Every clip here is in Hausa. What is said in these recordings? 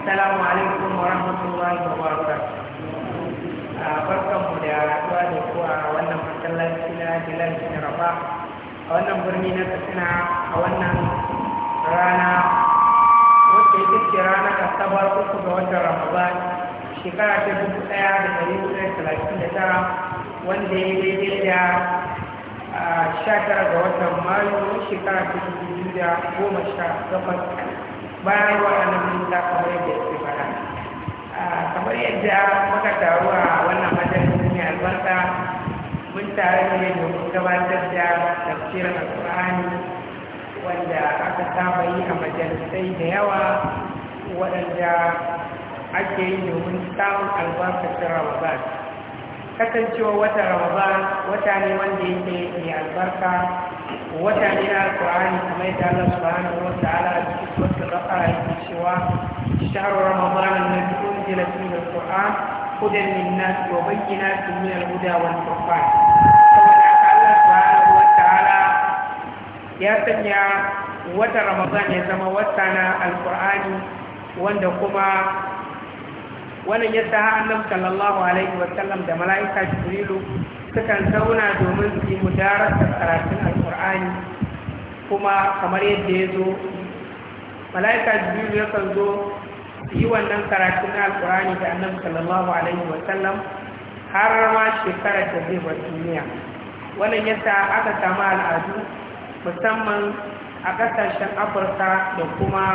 alaikum السلام عليكم ورحمة الله وبركاته barkan mu da haɗuwa da ku a wannan masallaci na Bilal bin a wannan birni na Katsina a wannan rana wacce ita ce ranar Asabar uku ga watan Ramadan shekara ta dubu ɗaya da ɗari da talatin da tara wanda ya yi daidai da ah, sha tara ga watan Mayu shekara ta dubu biyu da goma sha takwas bayan ruwa na musa kamar yadda ya fara ah, kamar yadda muka taru a wannan majalisa ne albarka mun tare ne domin gabatar da tafsirin alkur'ani wanda aka saba yi a majalisai da yawa waɗanda ake yi domin samun albarkacin ramadan kasancewa wata ramadan wata ne wanda yake mai albarka wata ne na alkur'ani kamar yadda Allah subhanahu wa ta'ala a cikin suratul baqara yake cewa shahru ramadan alladhi unzila fihi alqur'an hudan lin-nas wa bayyinatin min al-huda wal-furqan saboda haka Allah subhanahu wa ta'ala ya sanya wata ramadan ya zama wata na alkur'ani wanda kuma wannan yasa annabi sallallahu alaihi wa sallam da mala'ika jibrilu sukan zauna domin su yi mudarasa karatun alqur'ani kuma kamar yadda ya zo mala'ika jibrilu kan zo su yi wannan karatun alqur'ani da annabi sallallahu alaihi wa sallam har ma shekarar da zai bar duniya wannan sa aka samu al'adu musamman a kasashen afirka da kuma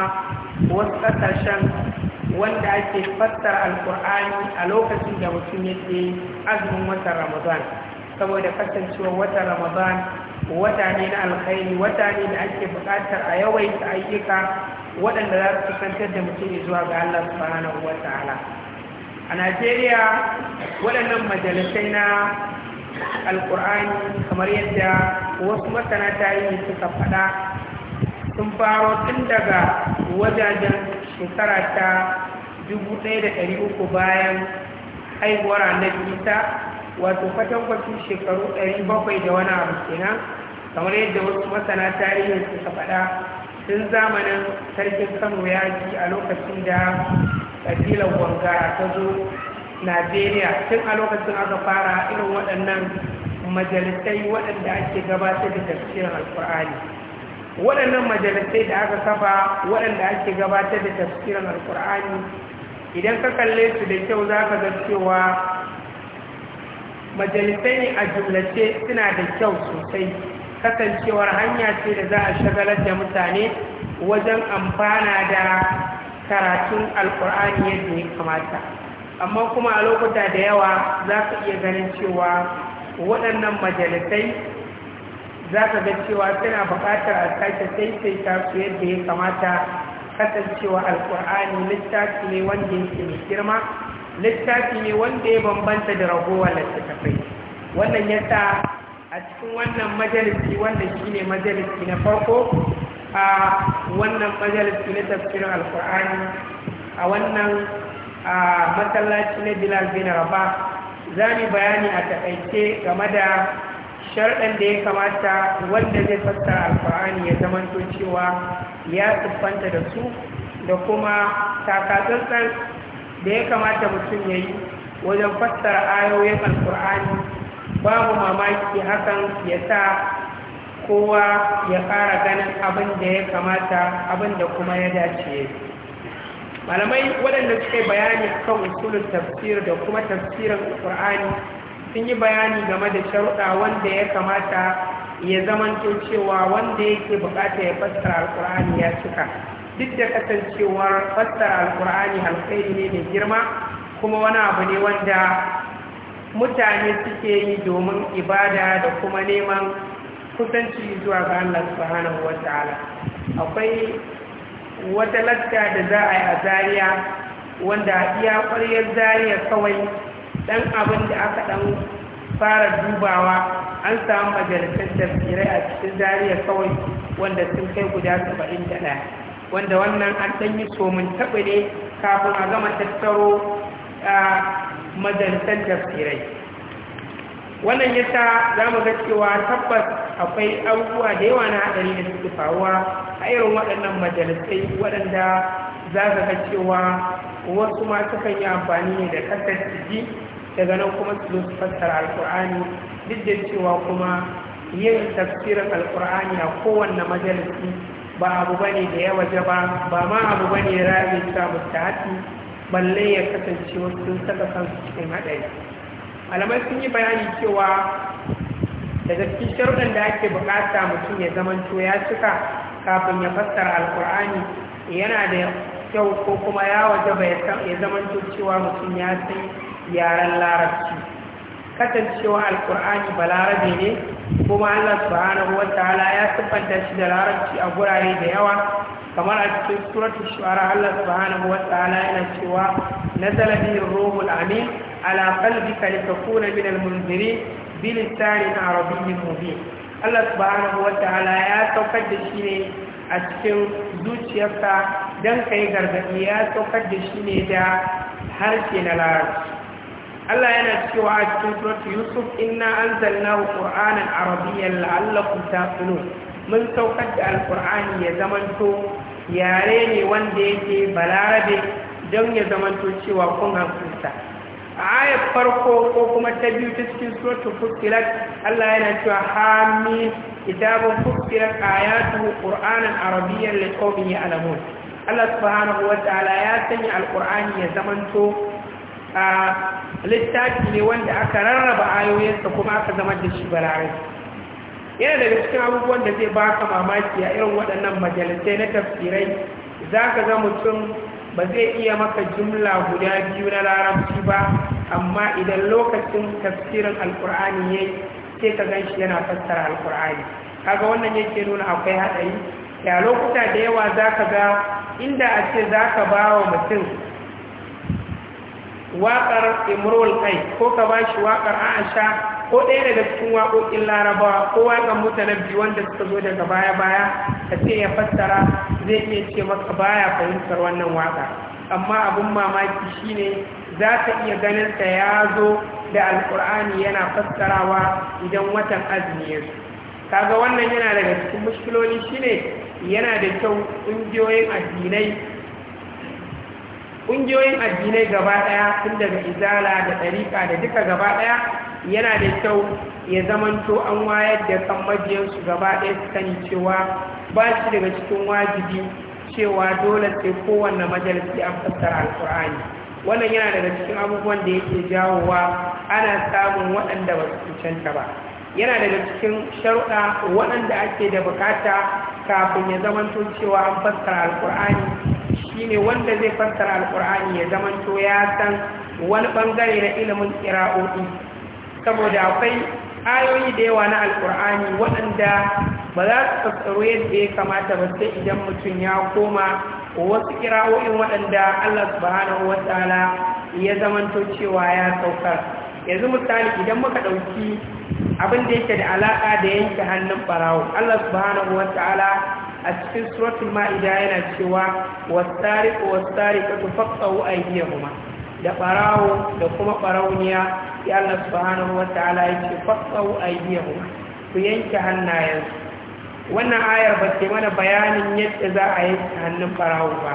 wasu kasashen wanda ake fassara alkur'ani a lokacin da mutum yake azumin watan ramadan saboda kasancewa watan ramadan wata ne na alkhairi wata ne da ake buƙatar a yawaita ayyuka waɗanda za su kusantar da mutum zuwa ga allah subhanahu wa ta'ala a najeriya waɗannan majalisai na alkur'ani kamar yadda wasu masana yi suka faɗa sun faro tun daga wajajen shekara ta dubu ɗaya da ɗari uku bayan haihuwar annabi isa wato kwatankwacin shekaru ɗari bakwai da wani abu kenan kamar yadda wasu masana tarihin suka faɗa tun zamanin sarkin kano ya ji a lokacin da ƙabilar gwanga ta zo najeriya tun a lokacin aka fara irin waɗannan majalisai waɗanda ake gabatar da tafsirin alkur'ani waɗannan majalisai da aka kafa waɗanda ake gabatar da tafsirin alkur'ani idan ka kalle su da kyau za ka ga cewa majalisai ne a jumlace suna da kyau sosai kasancewar hanya ce da za a shagalar da mutane wajen amfana da karatun Alƙur'ani yadda ya kamata amma kuma a lokuta da yawa za ka iya ganin cewa waɗannan majalisai za ka ga cewa tana buƙatar a sake saisaita su yadda ya kamata kasancewa alƙur'ani littafi ne wanda yake mai girma littafi ne wanda ya bambanta da ragowar littattafai wannan ya sa a cikin wannan majalisi wanda shi ne majalisi na farko a wannan majalisi na tafsirin alƙur'ani a wannan masallaci na bilal bin raba, za mu bayani a taƙaice game da sharɗan da ya kamata wanda zai fassara alfahani ya zamanto cewa ya siffanta da su da kuma takatsantsan da ya kamata mutum ya yi wajen fassara ayoyin alfahani babu mamaki hakan ya sa kowa ya ƙara ganin abin da ya kamata abin da kuma ya dace malamai waɗanda suka yi bayani kan usulun tafsir da kuma tafsirin alfahani sun yi bayani game da sharuɗa wanda ya kamata ya zamanto cewa wanda yake bukata ya fassara alkur'ani ya cika duk da kasancewar fassara alkur'ani alkhairi ne mai girma kuma wani abu ne wanda mutane suke yi domin ibada da kuma neman kusanci zuwa ga Allah subhanahu wataala akwai wata latta da za a yi a zariya wanda iya ƙwaryar zariya kawai dan abin da aka dan fara dubawa an samu majalisar tafsirai a cikin zariya kawai wanda sun kai guda saba'in da wanda wannan an ɗan yi somin taɓa ne kafin a gama tattaro a majalisar tafsirai wannan ya sa za mu ga cewa tabbas akwai abubuwa da yawa na haɗari da suke faruwa a irin waɗannan majalisai waɗanda za ka ga cewa wasu ma sukan yi amfani ne da kasar jiki daga nan kuma su fassara alkur'ani duk da cewa kuma yin tafsirin alkur'ani a kowanne majalisi ba abu bane da ya waje ba ba ma abu bane rabi ta mutahati balle ya kasance wasu sun saka kansu cikin haɗari malamai sun yi bayani cewa daga cikin sharuɗan da ake buƙata mutum ya zamanto ya cika kafin ya fassara alkur'ani yana da kyau ko kuma ya waje ya zamanto cewa mutum ya san yaren larabci kasancewa alkur'ani balarabe ne kuma allah subhanahu wa ta'ala ya siffanta shi da larabci a gurare da yawa kamar a cikin suratu shu'ara allah subhanahu wata'ala ta'ala yana cewa nazala bihi ruhul amin ala qalbika litakuna min almunzirin bilisanin arabiyyin mubin allah subhanahu ta'ala ya saukar da shi ne a cikin zuciyarka don ka yi gargaɗi ya saukar da shi ne da harshe na larabci Allah yana cewa a cikin suratu Yusuf inna anzalnahu qur'anan arabiyyan la'allakum taqilun mun saukar da alqur'ani ya zamanto yare ne wanda yake balarabe don ya zamanto cewa kun hankuta a ayar farko ko kuma ta biyu ta cikin suratu fuskilat Allah yana cewa hami kitabun fuskilat ayatu qur'anan arabiyyan liqaumin ya'lamun Allah subhanahu Ta'ala ya sanya alqur'ani ya zamanto a littafi ne wanda aka rarraba ayoyinsa kuma aka zama da shi balarai yana daga cikin abubuwan da zai baka mamaki a irin waɗannan majalisai na tafsirai za ka ga mutum ba zai iya maka jumla guda biyu na larabci ba amma idan lokacin tafsirin alkur'ani ya yi sai ka gan shi yana fassara alkur'ani kaga wannan yake nuna akwai haɗari ya lokuta da yawa za ka ga inda a ce za ka ba wa mutum waƙar imrul kai ko ka ba shi waƙar aisha ko ɗaya daga cikin waƙoƙin larabawa ko waƙar mutanen biyu wanda suka zo daga baya-baya ka ce ya fassara zai iya ce maka baya fahimtar wannan waƙa amma abin mamaki shine za ka iya ganin ta ya zo da alƙur'ani yana fassarawa idan watan azumi ya zo kaga wannan yana daga cikin mushkiloli ne? yana da kyau ƙungiyoyin addinai ƙungiyoyin addinai gaba ɗaya tun daga izala da ɗariƙa da duka gaba ɗaya yana da kyau ya zamanto an wayar da kan majiyarsu gaba ɗaya su sani cewa ba shi daga cikin wajibi cewa dole sai kowanne majalisi an fassara alƙur'ani wannan yana daga cikin abubuwan da yake jawowa ana samun waɗanda ba su cancanta ba yana daga cikin sharuɗa waɗanda ake da bukata kafin ya zamanto cewa an fassara alkur'ani shine wanda zai fassara alkur'ani ya zamanto ya san wani ɓangare na ilimin ƙira'o'i saboda akwai ayoyi da yawa na alkur'ani waɗanda ba za su fassaro yadda ya kamata ba sai idan mutum ya koma wasu ƙira'o'in waɗanda allah subhanahu wataala ya zamanto cewa ya saukar yanzu misali idan muka ɗauki abin da yake da alaka da yanke hannun barawo Allah subhanahu wataala a cikin suratul ma'ida yana cewa was-sariqu faqtu aydiyahuma da barawo da kuma barawniya ya Allah subhanahu wataala yake faqtu aydiyahuma ku yanke hannayensu wannan ayar ba ce mana bayanin yadda za a yanke hannun barawo ba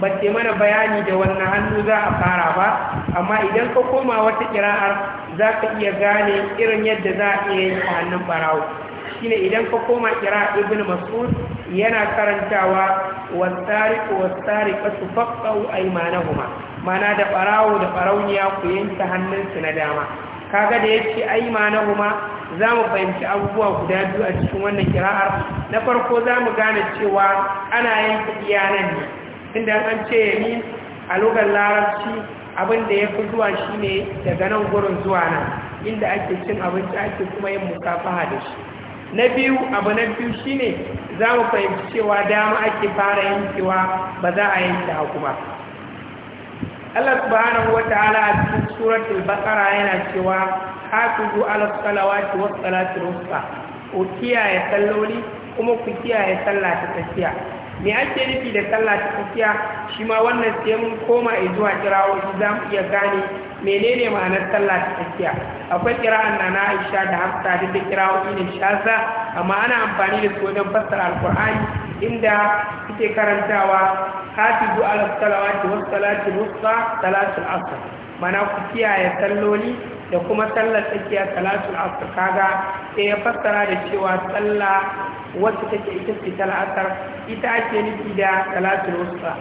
ba ce mana bayani da wannan hannu za a fara ba amma idan ka koma wata kira'ar za ka iya gane irin yadda za a iya yi a hannun barawo ne idan ka koma kira ibn mas'ud yana karantawa wasariqu wasariqatu faqau aymanahuma mana da barawo da barauniya ku yanke hannunsu na dama kaga da yace huma za mu fahimci abubuwa guda biyu a cikin wannan kira'ar na farko za mu gane cewa ana yanke iyanan ne inda an ce ya a lugar larabci abin da ya fi zuwa shi ne daga nan gurin zuwa nan inda ake cin abinci ake kuma yin mukafaha da shi na biyu abu na biyu shi ne za mu fahimci cewa dama ake fara yankewa ba za a yanke hagu ba Allah subhanahu wa ta'ala a cikin suratul baqara yana cewa hafizu ala salawati was salati rusta ku kiyaye salloli kuma ku kiyaye sallah ta tsakiya me ake nufi da sallah ta tsakiya shi ma wannan sai mun koma zuwa kirawo shi za mu iya gane menene ma'anar sallah ta tsakiya akwai kira'an na Aisha da Hafsa duk da kirawo ne shaza amma ana amfani da su wajen fassara alkur'ani inda suke karantawa hafizu ala salawati was salati musa salatul asr mana ku kiyaye salloli da kuma sallar tsakiya salatul asr kaga sai ya fassara da cewa sallah wacce take ita ce talatar la'asar ita ake nufi da talatin ba.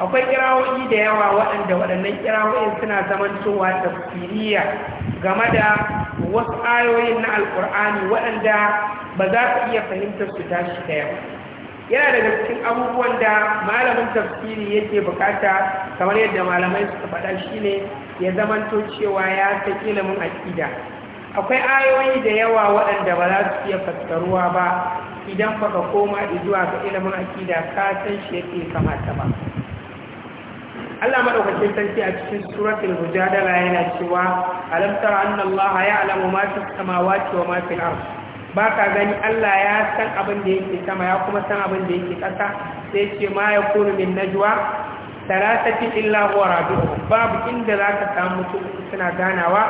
akwai kirawoyi da yawa waɗanda waɗannan kirawoyin suna zamantowa tafsiriya game da wasu ayoyin na alkur'ani waɗanda ba za su iya fahimtar su tashi ɗaya yana daga cikin abubuwan da malamin tafsiri yake bukata kamar yadda malamai suka faɗa shine ya zamanto cewa ya ta ilimin aƙida akwai ayoyi da yawa waɗanda ba za su iya fassaruwa ba idan ka koma zuwa ga ilimin akida ka san shi yake kamata ba Allah madaukakin sarki a cikin suratul mujadala yana cewa alam tara anna Allah ya'lamu ma fi samawati wa ma fi al-ard baka gani Allah ya san abin da yake sama ya kuma san abin da yake ƙasa sai ce ma yakunu min najwa talatati illa huwa rabi'uhum babu inda zaka samu mutum suna ganawa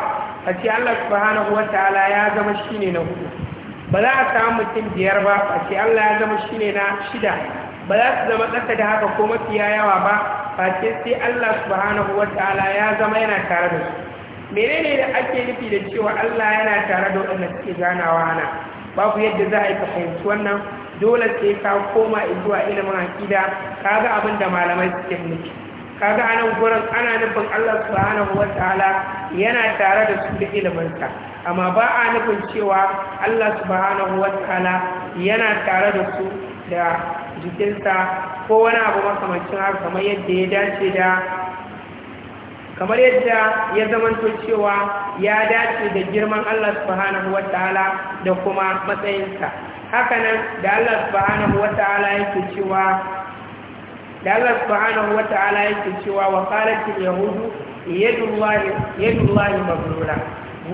a Allah subhanahu wa ta'ala ya zama shine na hudu ba za a samu mutum biyar ba a ce Allah ya zama shi ne na shida ba za su zama ƙasa da haka ko mafiya yawa ba ba ce sai Allah subhanahu wa ta'ala ya zama yana tare da su ne da ake nufi da cewa Allah yana tare da waɗanda suke ganawa ana babu yadda za a yi ka fahimci wannan dole sai ka koma zuwa ilimin aƙida ka ga abin da malamai suke nufi kaga anan gurin ana nufin Allah subhanahu wataala yana tare da su da iliminsa amma ba a nufin cewa Allah subhanahu wataala yana tare da su da jikinsa ko wani abu makamancin haka kamar yadda ya dace da kamar yadda ya zamanto cewa ya dace da girman Allah subhanahu wataala da kuma matsayinsa hakanan da Allah subhanahu wataala yake cewa da Allah subhanahu wa ta'ala yake cewa wa qalat yahudu yadullahi yadullahi mabrura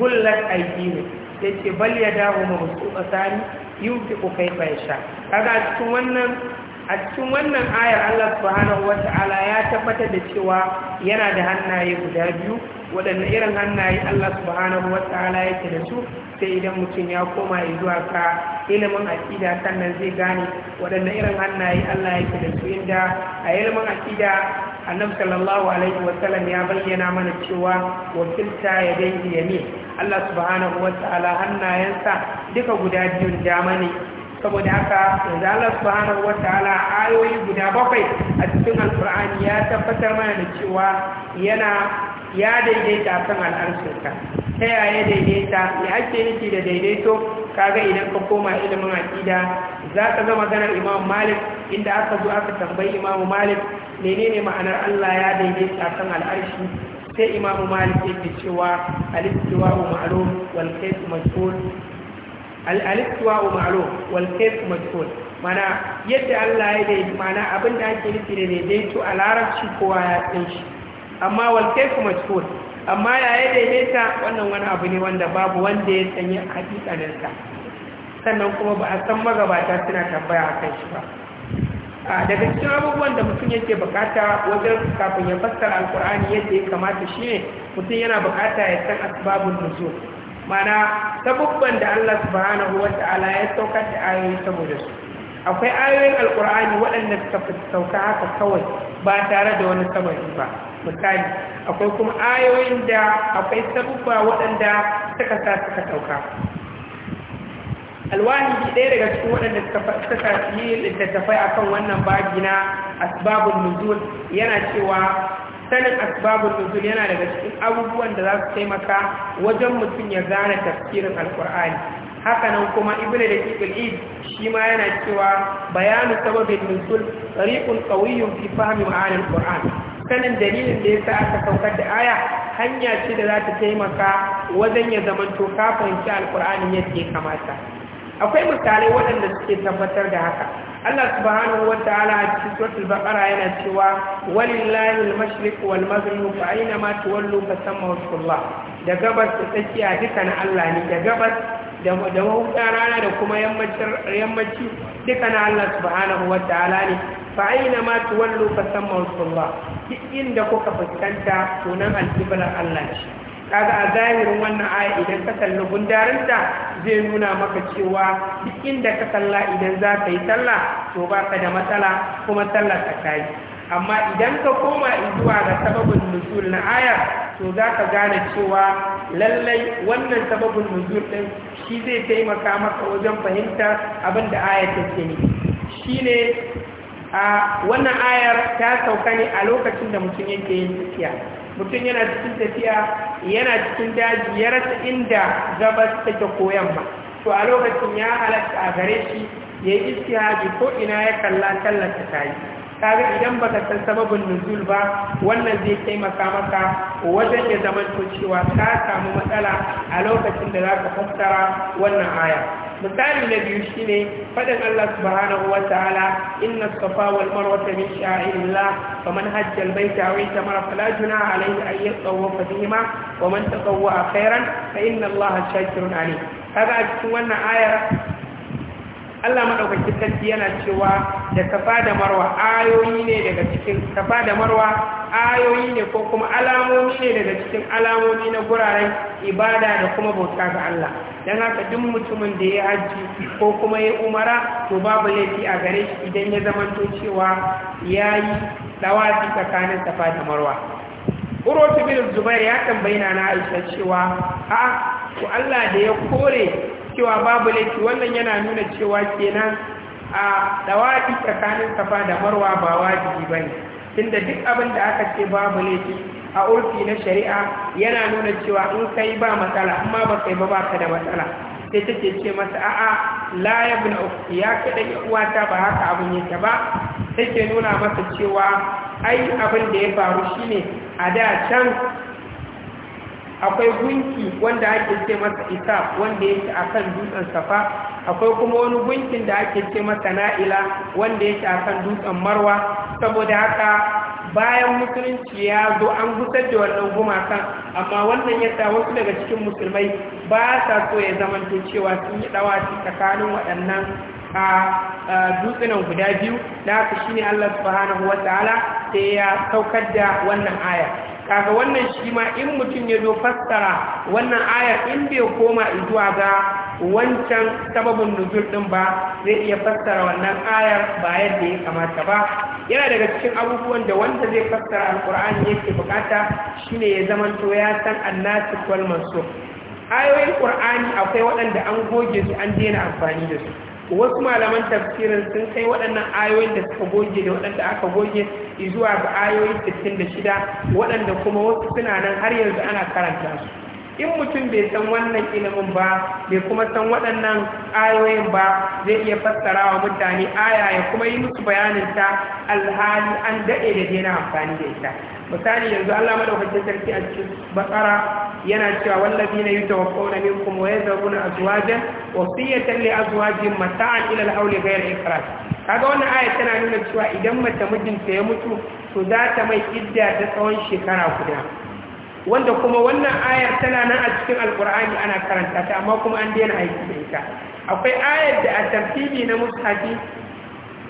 gullat aydihim yace bal yadahu mabsuutani yunfiqu kayfa yasha kaga cikin wannan a cikin wannan ayar Allah subhanahu wa ta'ala ya tabbatar da cewa yana da hannaye guda biyu waɗanne irin hannaye Allah subhanahu wa ta'ala yake da su sai idan mutum ya koma zuwa ka ilimin aƙida sannan zai gane waɗanne irin hannaye Allah yake da su inda a ilimin aƙida annabi sallallahu alaihi wa sallam ya bayyana mana cewa wakilta ya dangi yamin Allah subhanahu wa ta'ala hannayensa duka guda biyu dama ne saboda haka yanzu Allah subhanahu wataala ayoyi guda bakwai a cikin alkur'ani ya tabbatar mana da cewa yana ya daidaita kan al'arsinka ta yaya daidaita ya ake niki da daidaito kaga idan ka koma ilimin aƙida za ka zama ganar imam malik inda aka zo aka tambayi imam malik menene ma'anar allah ya daidaita kan al'arshi sai imam malik ya ke cewa alistuwa wa ma'lum wal kayf majhul al alistiwa wa ma'lum wal kayf majhul mana yadda allah ya daidaita mana abinda ake nufi da daidaito a larabci kowa ya san shi amma wal kayfu majhul amma ya ya daidaita wannan wani abu ne wanda babu wanda ya sanya hakikanin sannan kuma ba a san magabata suna tambaya akan shi ba a daga cikin abubuwan da mutum yake bukata wajen kafin ya fassara alkur'ani yadda ya kamata shi ne, mutum yana bukata ya san asibabin nuzul mana sabubban da Allah subhanahu Ta'ala ya saukar da ayoyi saboda su akwai ayoyin alkur'ani waɗanda suka sauka haka kawai ba tare da wani sababi ba misali akwai kuma ayoyin da akwai sabubba waɗanda suka sa suka sauka alwahidi ɗaya daga cikin waɗanda suka yi littattafai a kan wannan babi na asibabin nuzul yana cewa sanin asibabin nuzul yana daga cikin abubuwan da za su taimaka wajen mutum ya gane tafsirin alkur'ani hakanan kuma ibn da ibn shi ma yana cewa bayanu sababin nuzul tariqun qawiyyun fi fahmi ma'anar qur'an sanin dalilin da ya sa aka saukar da aya hanya ce da za ta taimaka wajen ya zamanto ka fahimci alkur'ani yadda ya kamata akwai misalai waɗanda suke tabbatar da haka Allah subhanahu ta'ala a cikin suratul baqara yana cewa walillahi al-mashriq wal maghrib fa aina ma tuwallu fa da gabas da tsakiya duka na Allah ne da gabas da da rana da kuma yammaci duka na Allah subhanahu ta'ala ne fa aina ma tuwallu fa samma Allah duk inda kuka fuskanta to nan Allah ce kaga a zahirin wannan aya idan ka kalli gundarinta zai nuna maka cewa duk inda ka kalla idan za ka yi sallah to ba ka da matsala kuma sallar ka ta yi amma idan ka koma zuwa ga sababin nuzul na aya to za ka gane cewa lallai wannan sababin nuzul ɗin shi zai taimaka maka wajen fahimta abin da aya take ne shi ne wannan ayar ta sauka ne a lokacin da mutum yake yin tafiya mutum yana cikin tafiya yana cikin daji ya rasa inda gabas take koyan ba to a lokacin ya halatta a gare shi ya yi istihaji ko ina ya kalla tallata ta yi kaga idan baka san sababin nuzul ba wannan zai taimaka maka wajen ya zama to cewa ka samu matsala a lokacin da za ka fassara wannan aya misali na biyu shine faɗin Allah subhanahu wa ta'ala inna safa wal marwa min sha'irillah faman hajjal baita ta mara. fala junaha alayhi an yatawwafa bihima wa man tatawwa khairan fa inna Allah shakirun alim kaga a cikin wannan ayar Allah madaukakin sarki yana cewa da safa da marwa ayoyi ne daga cikin safa da marwa ayoyi ne ko kuma alamomi ne daga cikin alamomi na guraren ibada da kuma bauta ga Allah don haka duk mutumin da ya hajji ko kuma ya umara to babu laifi a gare shi idan ya to cewa ya yi dawafi tsakanin safa da marwa urotu bin zubair ya tambayi na aisha cewa a ku Allah da ya kore cewa babu laifi wannan yana nuna cewa kenan a dawafi tsakanin safa da marwa ba wajibi bane tunda duk abin da aka ce babu laifi a urfi na shari'a yana nuna cewa in kai ba matsala amma ba kai ba baka da matsala sai take ce masa a'a la ya bin ya kada ya uwata ba haka abin yake ba take nuna masa cewa ai abin da ya faru shine a da can akwai gunki wanda ake ce masa isa wanda yake akan dutsen safa akwai kuma wani gunkin da ake ce masa na'ila wanda yake akan dutsen marwa saboda haka bayan musulunci ya zo an gusar da wannan gumakan amma wannan ya sa wasu daga cikin musulmai ba sa so ya zamanto cewa sun yi dawaci tsakanin waɗannan a dutsunan guda biyu da haka shine Allah subhanahu wataala sai ya saukar da wannan aya kaga wannan shi ma in mutum ya zo fassara wannan ayar in bai koma zuwa ga wancan sababin nuzul din ba zai iya fassara wannan ayar ba yadda ya kamata ba yana daga cikin abubuwan da wanda zai fassara alkur'ani yake bukata shine ya zamanto ya san annasu wal mansu ayoyin qur'ani akwai waɗanda an goge su an daina amfani da su wasu malaman tafsirin sun kai waɗannan ayoyin da suka goge da waɗanda aka goge zuwa ga ayoyi 66 waɗanda kuma wasu suna nan har yanzu ana karanta su in mutum bai san wannan ilimin ba bai kuma san waɗannan ayoyin ba zai iya fassara wa mutane aya ya kuma yi musu bayanin ta alhali an daɗe da daina amfani da ita misali yanzu Allah madaukakin sarki a cikin bakara yana cewa yi na wallazina yutawaffawna minkum wa wasu iya talle li azwajihim mata'an ilal haule ga ghayra ikrah kaga wannan aya tana nuna cewa idan mace mijinta ya mutu to za ta mai idda ta tsawon shekara guda wanda kuma wannan ayar tana nan a cikin alkur'ani ana karanta ta amma kuma an daina aiki da ita akwai ayar da a tartibi na mushafi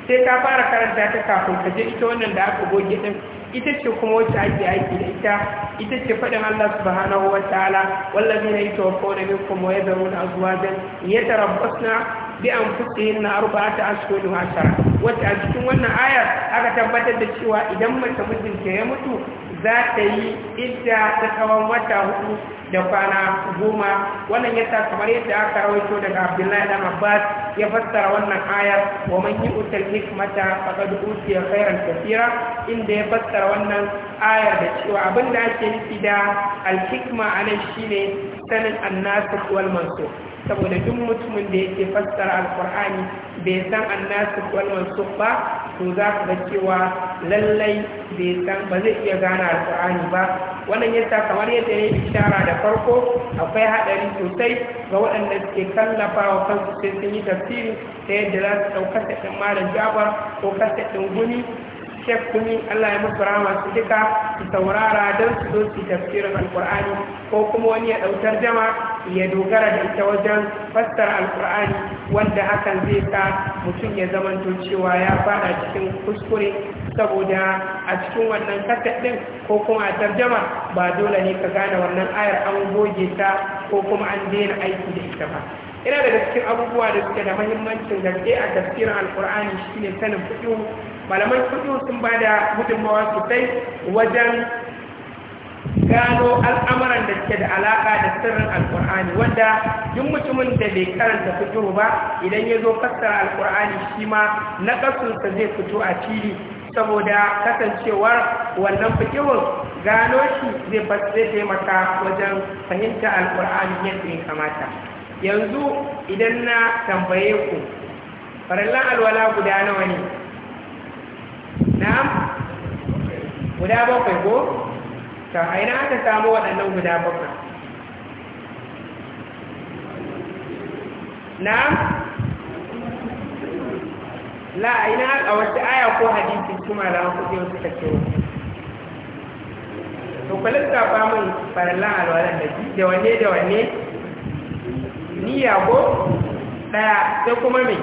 sai ka fara karanta ta kafin ka je ita wannan da aka goge din ita ce kuma wacce ake aiki da ita ita ce faɗin Allah subhanahu wa ta'ala wallazi na yatawaffawna minkum wa yadhuruna azwajan yatarabbasna bi anfusihinna arba'ata ashhurin wa ashara wacce a cikin wannan ayar aka tabbatar da cewa idan mace mijinta ya mutu za ta yi idda ta tsawon wata hudu da kwana goma wannan yasa kamar yadda aka rawaito daga abdullahi dan abbas ya fassara wannan ayar. wa man utar hikmata da utiya khairan kathira inda ya fassara wannan ayar da cewa abin da ake nufi da al-hikma shi shine sanin annasu wal saboda duk mutumin da yake fassara alkur'ani bai san annasu su ba to za ka ga cewa lallai bai san ba zai iya gane alƙur'ani ba wannan yasa kamar yadda ya yi ishara da farko akwai haɗari sosai ga waɗanda suke kallafa wa kansu sai sun yi tafsiri ta yadda za su ɗauka kasa ɗin malam jabar ko kasa ɗin guni shek kumi Allah ya musu rama su duka su saurara don su zo su tafsirin alkur'ani ko kuma wani ya ɗautar jama ya dogara da ita wajen fassara alkur'ani wanda hakan zai sa mutum ya zamanto cewa ya fada cikin kuskure saboda a cikin wannan kasadin ko kuma a tarjama ba dole ne ka gane wannan ayar an goge ta ko kuma an daina aiki da ita ba ina daga cikin abubuwa da suke da mahimmancin gaske a tafsirin alkur'ani shine sanin fiɗo malaman fiqh sun ba da gudunmawa sosai wajen gano al'amuran da ke da alaƙa da sirrin alƙur'ani wanda duk mutumin da bai karanta fiqh ba idan ya zo fassara alƙur'ani shi ma na ƙasarsa zai fito a fili saboda kasancewar wannan fikihun gano shi zai zai taimaka wajen fahimta alkur'ani yadda ya kamata yanzu idan na tambaye ku farallan alwala guda nawa ne na'am guda bakwai ko ta aina aka samu waɗannan guda bakwai na'am la aina a wata aya ko hadisi kuma da kuɗi wasu ta ce to kwalin zaɓa min farallan alwalan da da wanne da wanne niyya ko ɗaya sai kuma mai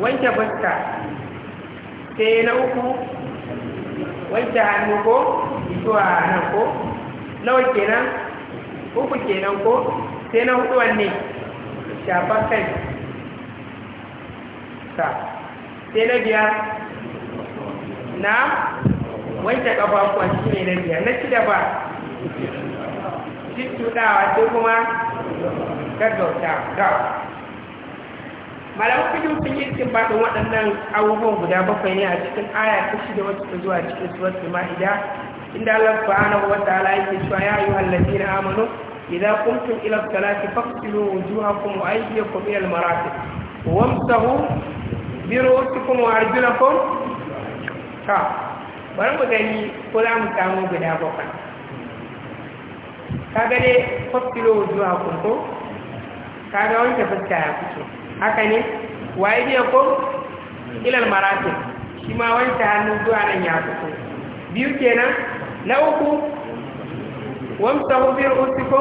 wanke fuska sai na uku wanke hannu ko zuwa nan ko nawa kenan uku kenan ko sai na hudu wanne shafa kai ta sai na biya na wanke ƙafafuwan shi ne na biya na shida ba shi tuɗawa sai kuma gaggauta gawa malaman fikin sun yi cikin baɗin waɗannan abubuwan guda bakwai ne a cikin aya ta shida wata ta zuwa cikin suratul ma'ida inda Allah subhanahu wa ta'ala yake cewa ya ayyuhal ladina amanu idza qumtum ila salati faqtilu wujuhakum wa aydiyakum ila al-marafiq wamsahu bi ru'usikum wa arjulakum ta bari mu gani ko za mu samu guda bakwai kaga dai faqtilu wujuhakum ko ga wanda fuska ya fito haka ne waye biya ko ilal marati shi ma wancan hannu zuwa nan ya fito biyu kenan na uku wamsa bi usiko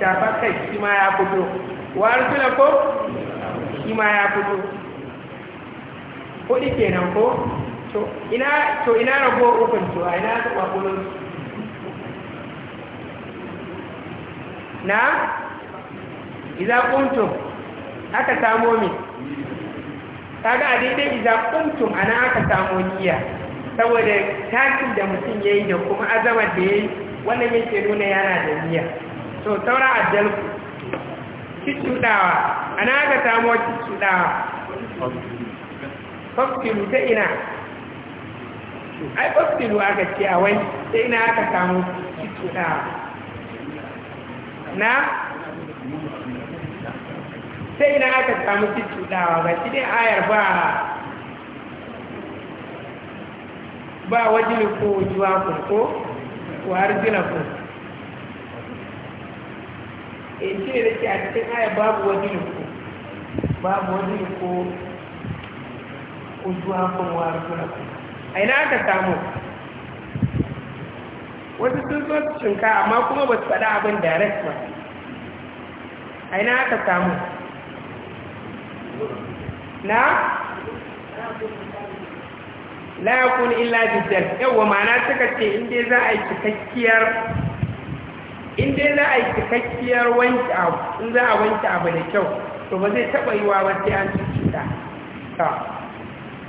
ta kai shi ma ya fito wa ko shi ma ya fito kuɗi kenan ko to ina to ina rago ukun to ina ta kwakulun na idza kuntum aka samo mi kaga a daidai iza kuntum ana aka samo niyya saboda tashin da mutum yayi da kuma azamar da yayi wannan yake nuna yana da niyya to saura addal ciccudawa ana aka samo ciccudawa fafilu ta ina ai fafilu aka ce a wani ta ina aka samo ciccudawa na sai idan aka samu cuɗawa ba shi dai ayar ba ba wajen ko juwa ko wa gina ko e eh, shi ne da ke a cikin ayar babu wajen ko babu wajen ko juwa ko wa gina ko a ina aka samu wasu sun zo su shinka amma kuma ba su faɗa abin direct ba a ina aka samu na la yakun illa biddal yawa ma'ana suka ce in za a yi cikakkiyar in dai za a yi cikakkiyar wanki abu in za a wanki abu da kyau to ba zai taɓa yi wa wasu an cuta ta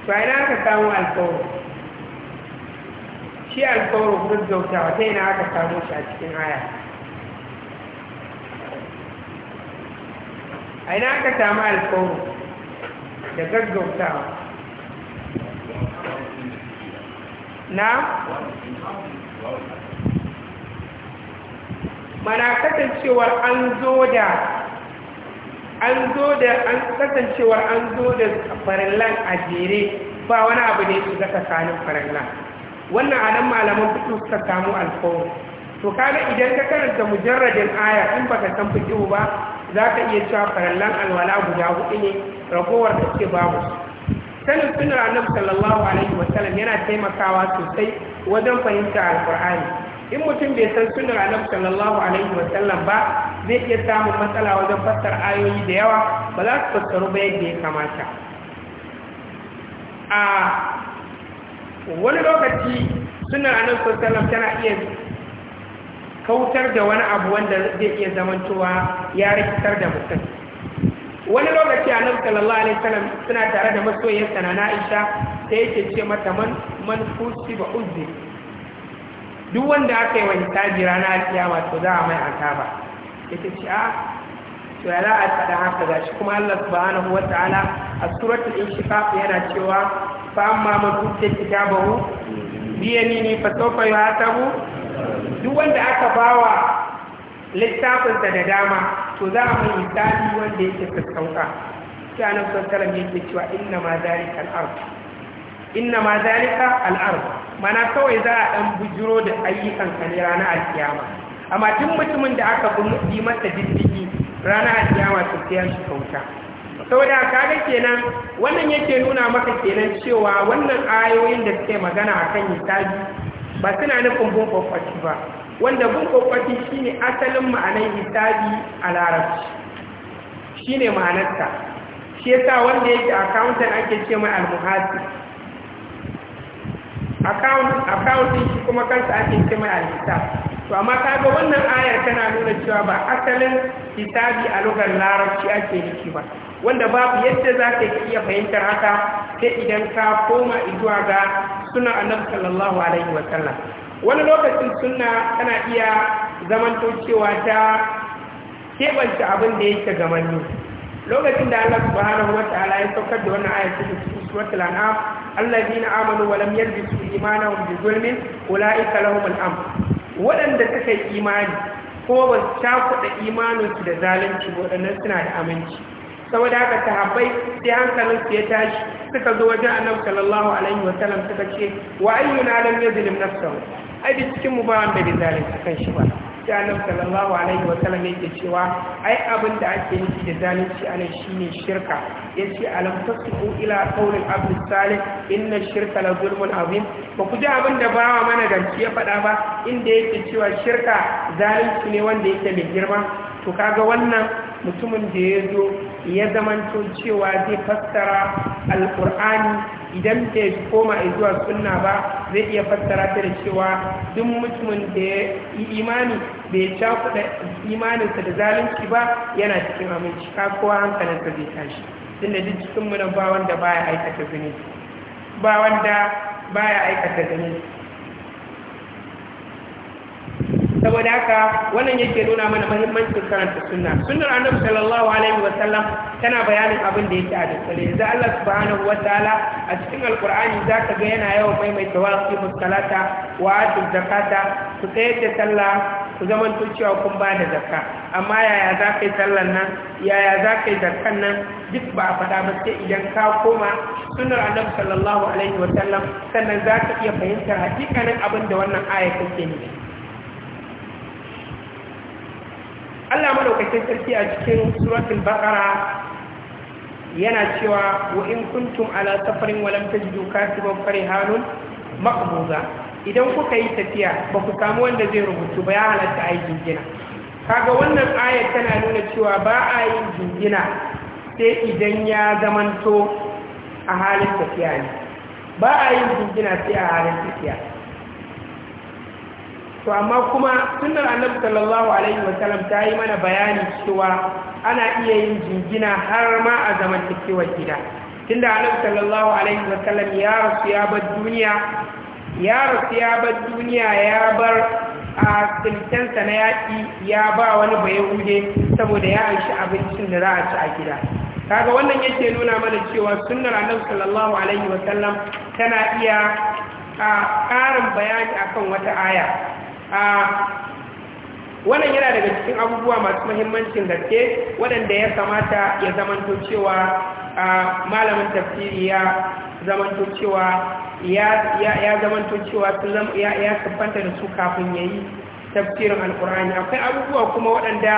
to a ina ka samu alkawar shi alkawar gaggautawa ta yana aka samu shi a cikin aya a ina aka samu alkawar da gaggautawa na mana kasancewar an zo da an zo da an kasancewar an zo da farallan a jere ba wani abu da ya shiga tsakanin farallan wannan anan malaman fito suka samu alfawar to kaga idan ka karanta mujarradin aya in baka san fiqhu ba za ka iya cewa farallan alwala guda hudu ne ragowar da ke babu sanin sunar annabi sallallahu alaihi wasallam yana taimakawa sosai wajen fahimta alkur'ani in mutum bai san sunar annabi sallallahu alaihi wasallam ba zai iya samun matsala wajen fassara ayoyi da yawa ba za su fassaru ba yadda ya kamata a wani lokaci sunar annabi sallallahu alaihi wasallam tana iya kautar da wani abu wanda zai iya zamantowa ya rikitar da mutum wani lokaci a nan sallallahu alaihi wasallam suna tare da masoyinsa na Aisha sai yake ce mata man man kusi ba uzi duk wanda aka yi wa hisabi rana alkiyama to za a mai azaba yake ce a ah, to ya za a haka gashi kuma Allah subhanahu wataala a suratul inshiqaq yana cewa fa amma man kusi kitabahu bi fa sawfa yuhasabu duk wanda aka bawa littafinsa da dama to za a mai misali wanda yake sassauka sai a nan sassalam yake cewa inna ma zalika al'arba inna ma zalika al'arba mana kawai za a ɗan bujiro da ayyukan ka ne ranar alkiyama amma tun mutumin da aka bi masa diddigi ranar alkiyama to sai ya shi kauta saboda kaga kenan wannan yake nuna maka kenan cewa wannan ayoyin da suke magana akan hisabi ba suna nufin bin kwakwaki ba wanda bin kwakwaki shi ne asalin ma'anar hisabi a larabci shi ne ma'anarta shi yasa wanda yake akawuntan ake ce mai almuhasi akawuntan shi kuma kansa ake ce mai alhisa to amma ka ga wannan ayar tana nuna cewa ba asalin hisabi a lugar larabci ake nufi ba wanda babu yadda za ka iya fahimtar haka sai idan ka koma izuwa ga suna annabi sallallahu alaihi wa sallam wani lokacin sunna tana iya to cewa ta kebanta abin da yake gamanni lokacin da Allah subhanahu wa ta'ala ya saukar da wannan ayar cikin suratul an'am allazina amanu wa lam yalbisu imanahum bi zulmin ulaika lahum al-amn waɗanda suka yi imani ko ba su cakuɗa imaninsu da zalunci waɗannan suna da aminci saboda haka sahabbai sai hankalinsu ya tashi suka zo wajen annabi sallallahu alaihi wa sallam suka ce wa ayyuna lam yadhlim nafsahu ai cikin mu ba wanda da zalunci kan shi ba sai annabi sallallahu alaihi wasallam yake cewa ai abin da ake nufi da zalunci anan shine shirka yace alam tasbu ila qawlil abd salih inna shirka la zulmun azim ba ku ji abin da bawa mana ganci ya faɗa ba inda yake cewa shirka zalunci ne wanda yake mai girma to kaga wannan mutumin da ya zo ya zamanto cewa zai fassara alkur'ani idan ya koma zuwa sunna ba zai iya fassara ta da cewa duk mutumin da ya yi imani bai cakuɗa imaninsa da zalunci ba yana cikin aminci ka hankalinsa zai tashi tunda duk cikin mu ba wanda aikata ba ya aikata saboda haka wannan yake nuna mana mahimmancin karanta sunna sunnar annabi sallallahu alaihi wa sallam tana bayanin abin da yake a dukkan yanzu Allah subhanahu wa ta'ala a cikin alqur'ani zaka ga yana yawan maimaita mai aqimus salata wa atuz zakata ku kai da sallah ku zaman to cewa kun ba da zakka amma yaya za ka sallar nan yaya za zakkan nan duk ba a faɗa ba sai idan ka koma sunnar annabi sallallahu alaihi wa sallam sannan za ka iya fahimtar hakikanin abin da wannan aya take nufi madaukakin sarki a cikin suratul baƙara yana cewa wa in kuntum ala safarin wa lam tajidu katiban farihanun maqbuza idan kuka yi tafiya ba ku samu wanda zai rubutu ba ya halatta a yi jingina kaga wannan ayar tana nuna cewa ba a yi jingina sai idan ya zamanto a halin tafiya ne ba a yi jingina sai a halin tafiya to amma kuma sunnar annabi sallallahu alaihi wasallam ta yi mana bayani cewa ana iya yin jingina har ma a zamantakewar gida tunda annabi sallallahu alaihi wasallam ya rasu ya bar duniya ya rasu ya bar duniya ya bar a silkensa na yaƙi ya ba wani bayahude saboda ya anshi abincin da za a ci a gida kaga wannan yake nuna mana cewa sunnar annabi sallallahu alaihi wasallam tana iya a ƙarin bayani akan wata aya wannan yana daga cikin abubuwa masu mahimmancin gaske waɗanda ya kamata ya zamanto cewa malamin tafsiri ya zamanto cewa ya zamanto cewa ya siffanta da su kafin ya yi tafsirin alkur'ani akwai abubuwa kuma waɗanda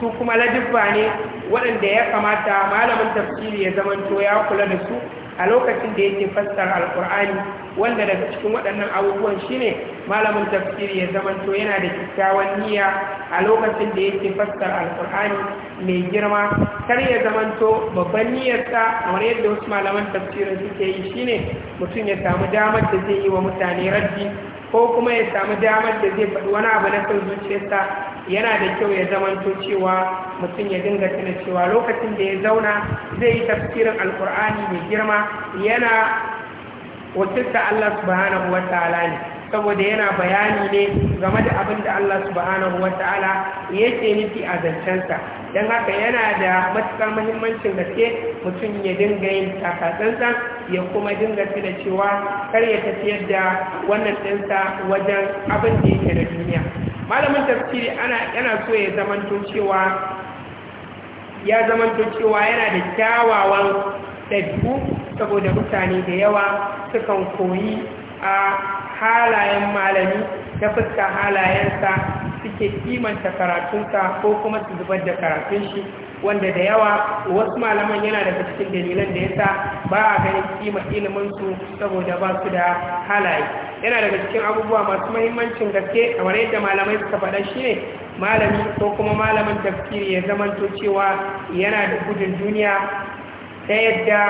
su kuma ladibba ne waɗanda ya kamata malamin tafsiri ya zamanto ya kula da su a lokacin da yake fassara alkur'ani wanda daga cikin waɗannan abubuwan shine malamin tafsiri ya zamanto yana da kyakkyawan niyya a lokacin da yake fassara alkur'ani mai girma kar ya zamanto babban niyyarsa kamar yadda wasu malaman tafsirin suke yi shine mutum ya samu damar da zai yi wa mutane raddi ko kuma ya samu damar da zai faɗi wani abu na kan zuciyarsa yana da kyau ya zamanto cewa mutum ya dinga tuna cewa lokacin da ya zauna zai yi tafsirin alkur'ani mai girma yana wakilta Allah subhanahu wa ne saboda yana bayani ne game da abin da Allah subhanahu wa ta'ala yake nufi a zancensa don haka yana da matuƙar muhimmancin ke mutum ya dinga yin takatsantsan ya kuma dinga tuna cewa kar ya tafiyar da wannan ɗinsa wajen abin da yake da duniya malamin tafsiri ana yana so ya zamanto cewa ya zamanto cewa yana da kyawawan ɗabi'u saboda mutane da yawa sukan koyi a halayen malami ta fuska halayensa suke kimanta karatunsa ko kuma su zubar da karatun shi wanda da yawa wasu malaman yana daga cikin dalilan da yasa ba a ganin kima ilimin su saboda ba su da halaye yana daga cikin abubuwa masu mahimmancin gaske kamar yadda malamai suka faɗa shine malami ko kuma malamin tafsiri ya zamanto cewa yana da gudun duniya ta yadda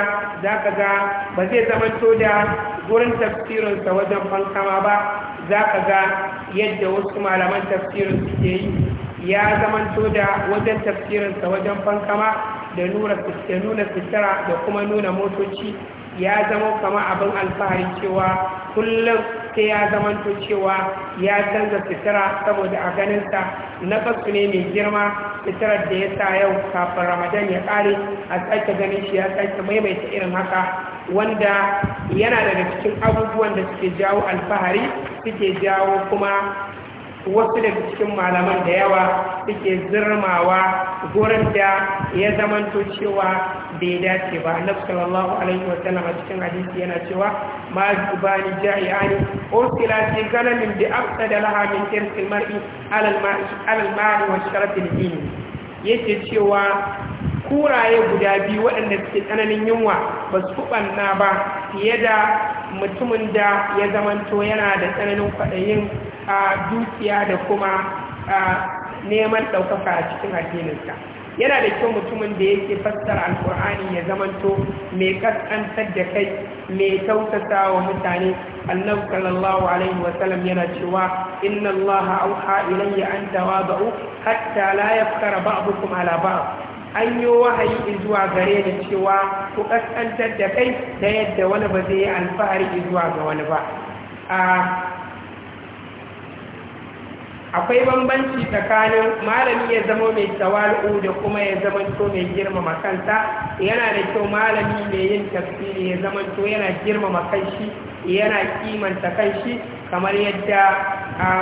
za ka ga ba zai zamanto da gurin tafsirinsa wajen fankama ba za ka ga yadda wasu malaman tafsirin suke yi ya zamanto da wajen tafsirinsa wajen fankama da nuna fitara da kuma nuna motoci ya zama kama abin alfahari cewa kullum sai ya zamanto cewa ya canza fitira saboda a ganinsa na fasu ne mai girma fitirar da ya sa yau kafin ramadan ya kare a sake ganin shi ya sake maimaita irin haka wanda yana daga cikin abubuwan da suke jawo alfahari suke jawo kuma wasu daga cikin malaman da yawa suke zirmawa gurin da ya zamanto cewa bai dace ba annabi sallallahu alaihi wa sallam a cikin hadisi yana cewa ma zubani ja'iani ursila fi ganamin bi afsada laha min irsil mar'i ala al-ma'i ala al-ma'i wa yake cewa kuraye guda biyu waɗanda suke tsananin yunwa ba su kuɓanna ba fiye da mutumin da ya zamanto yana da tsananin kwaɗayin a dukiya da kuma a neman ɗaukaka a cikin addininsa yana da kyau mutumin da yake fassara alkur'ani ya zamanto mai kaskantar da kai mai tausasa wa mutane annabi sallallahu alaihi wasallam yana cewa inna Allah auha ilayya an tawadu hatta la yafkara ba'dukum ala ba'd an yi wahayi zuwa gare da cewa ku kaskantar da kai da yadda wani ba zai yi alfahari zuwa ga wani ba akwai bambanci tsakanin malami ya zama mai tawali'u da kuma ya zama to mai girmama makanta yana da kyau malami mai yin tafsiri ya zama to yana girmama makanshi yana kimanta kanshi kamar yadda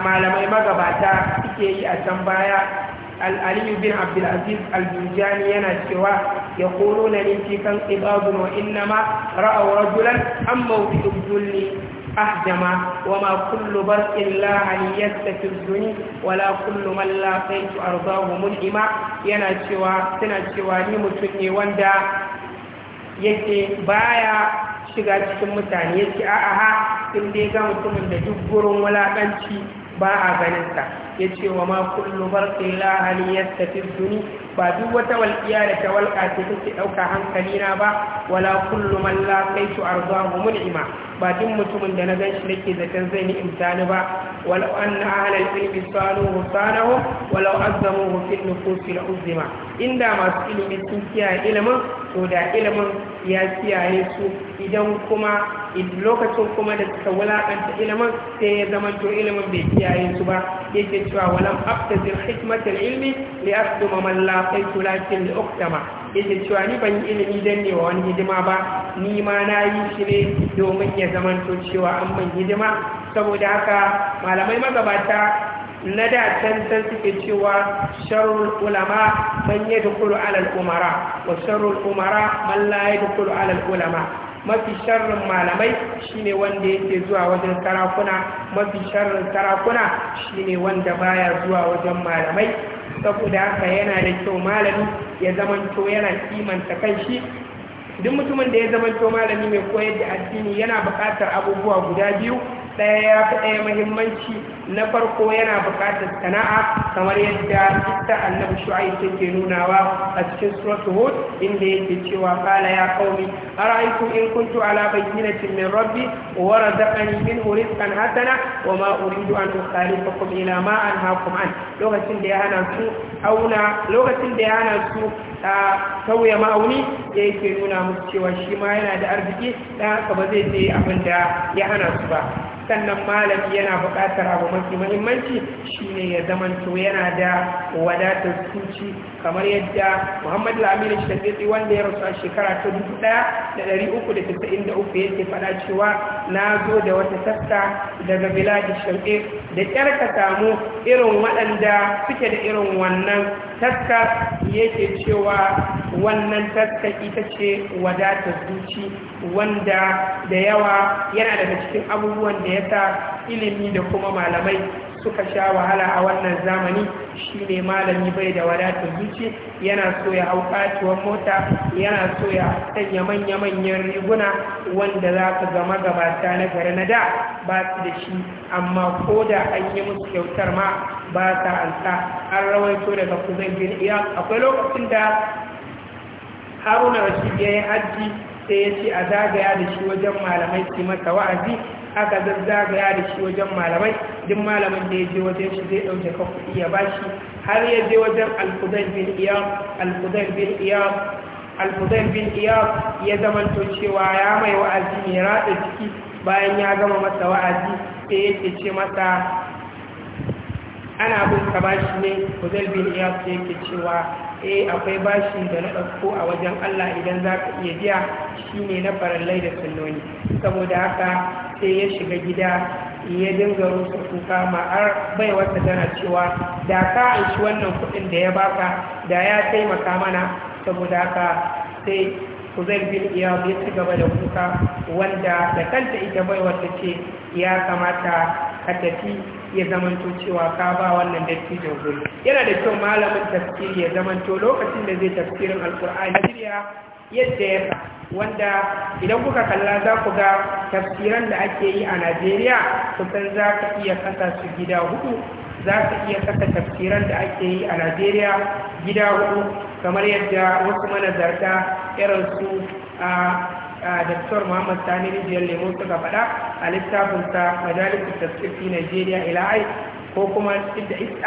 malamai magabata suke yi a can baya al'aliyu bin abdulaziz al-bujani yana cewa ya kuro na ninci kan ibadun wa inna ma ra'awar rajulan an mawufi أحجم وما كل برق لا أن يستفزني ولا كل من لا قيت أرضاه ملئما ينا شوى نمتني واندا yake baya shiga cikin mutane yake a'a ha in dai ga mutumin da duk gurin wulaƙanci ba a sa ya ce wa ma kullu barqin la hali ba duk wata walƙiya da ta walƙa ce take ɗauka hankali na ba wala kullu man la kaitu arzahu mun'ima ba duk mutumin da na gan shi nake zaton zai ni'imta ni ba walau anna ahlal ilmi saluhu sanahu walau azzamuhu fil nufusi la uzima inda masu ilimi sun kiyaye ilimin to da ilimin ya kiyaye su idan kuma lokacin kuma da suka wulaƙanta ilimin sai ya zama to ilimin bai kiyaye su ba yake cewa walam aftazil hikmatul ilmi li akhduma man la qaitu lakin li uktama yake cewa ni ban yi ilimi dan ne wa wani hidima ba ni ma na yi shi ne domin ya zama to cewa an ban hidima saboda haka malamai magabata na da can suke cewa sharul ulama man ya dukulu alal umara wa sharul umara man la ya dukulu alal ulama mafi sharrin malamai shine wanda yake zuwa wajen sarakuna mafi sharrin sarakuna shine wanda baya zuwa wajen malamai saboda haka yana da kyau malami ya zamanto yana kimanta kanshi duk mutumin da ya zamanto malami mai koyar da addini yana buƙatar abubuwa guda biyu ɗaya ya fi ɗaya mahimmanci na farko yana bukatar sana'a kamar yadda ita annabi shu'ai take nunawa a cikin suratul hud inda yake cewa qala ya qaumi ara'aytu in kuntu ala bayyinatin min rabbi wa razaqani min rizqan hasana wa ma uridu an ukhalifakum ila ma anhaakum an lokacin da ya hana su auna lokacin da ya hana su sauya ma'auni da yake nuna musu cewa shi ma yana da arziki da haka ba zai sai abin da ya hana su ba sannan malami yana buƙatar abu mafi mahimmanci shine ya zamanto yana da wadatar suci kamar yadda muhammad lamini shafiqi wanda ya rasu a shekara ta dubu ɗaya da ɗari uku da tasa'in da uku yake faɗa cewa na zo da wata sassa daga biladi shafiq da ƙyar ka samu irin waɗanda suke da irin wannan taska yake cewa wannan taska ita ce wadatar zuci wanda da yawa yana daga cikin abubuwan da ya sa ilimi da kuma malamai suka sha wahala a wannan zamani shi ne malami bai da wadatar zuci yana so ya hau katuwar mota yana so ya sanya manya-manyan riguna wanda za ka zama gabata na gari na da ba su da shi amma ko da an yi musu kyautar ma ba sa alta an rawaito daga kuzan gini iya akwai lokacin da haruna rashid ya yi hajji sai ya ce a zagaya da shi wajen malamai su masa wa'azi aka zazzagaya da shi wajen malamai duk malamin da ya je wajen shi zai ɗauke kan kuɗi ya bashi har ya je wajen alkudai bin iyam bin iyam bin iyam ya zamanto cewa ya mai wa'azi ne ratsa jiki bayan ya gama masa wa'azi sai ya ce masa ana bin ka bashi ne huzail bin ce yake cewa eh akwai bashi da na ɗauko a wajen Allah idan za ka iya biya ne na farallai da sunnoni saboda haka sai ya shiga gida ya dinga rusa kuka ma'ar bai wata tana cewa da ka aishi wannan kuɗin da ya baka da ya taimaka mana saboda haka sai kuzair bin iyab ya ci gaba da kuka wanda da kanta ita bai wata ce ya kamata ka tafi ya zamanto cewa ka ba wannan dattijan guri yana da kyau malamin tafsir ya zamanto lokacin da zai tafsirin alkur'ani shirya yadda ya sa wanda idan kuka kalla za ku ga tafsiran da ake yi a najeriya kusan za ka iya kasa su gida hudu za ka iya kasa tafsiran da ake yi a najeriya gida hudu kamar yadda wasu manazarta irin su a ah, Dr. Muhammad Sani Rijiyar Lemo suka faɗa a littafinsa Majalisar tafsirci fi Najeriya ila ai ko kuma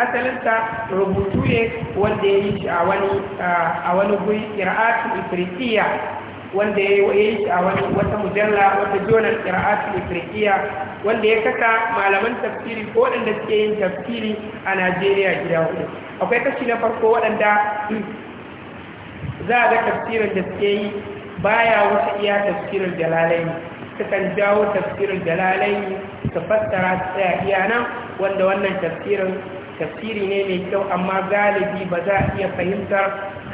asalinsa rubutu ne wanda ya yi shi a wani guri ƙira'atu ifriqiya wanda ya yi shi a wani wata mujalla wata jonar ƙira'atu ifriqiya wanda ya kasa malaman tafsiri ko waɗanda suke yin tafsiri a Najeriya gida hudu akwai kashi na farko waɗanda za a ga tafsirin da suke yi baya wata iya tafsirin jalalaini sukan jawo tafsirin jalalaini su fassara tsaya iya nan wanda wannan tafsirin tafsiri ne mai kyau amma galibi ba za a iya fahimtar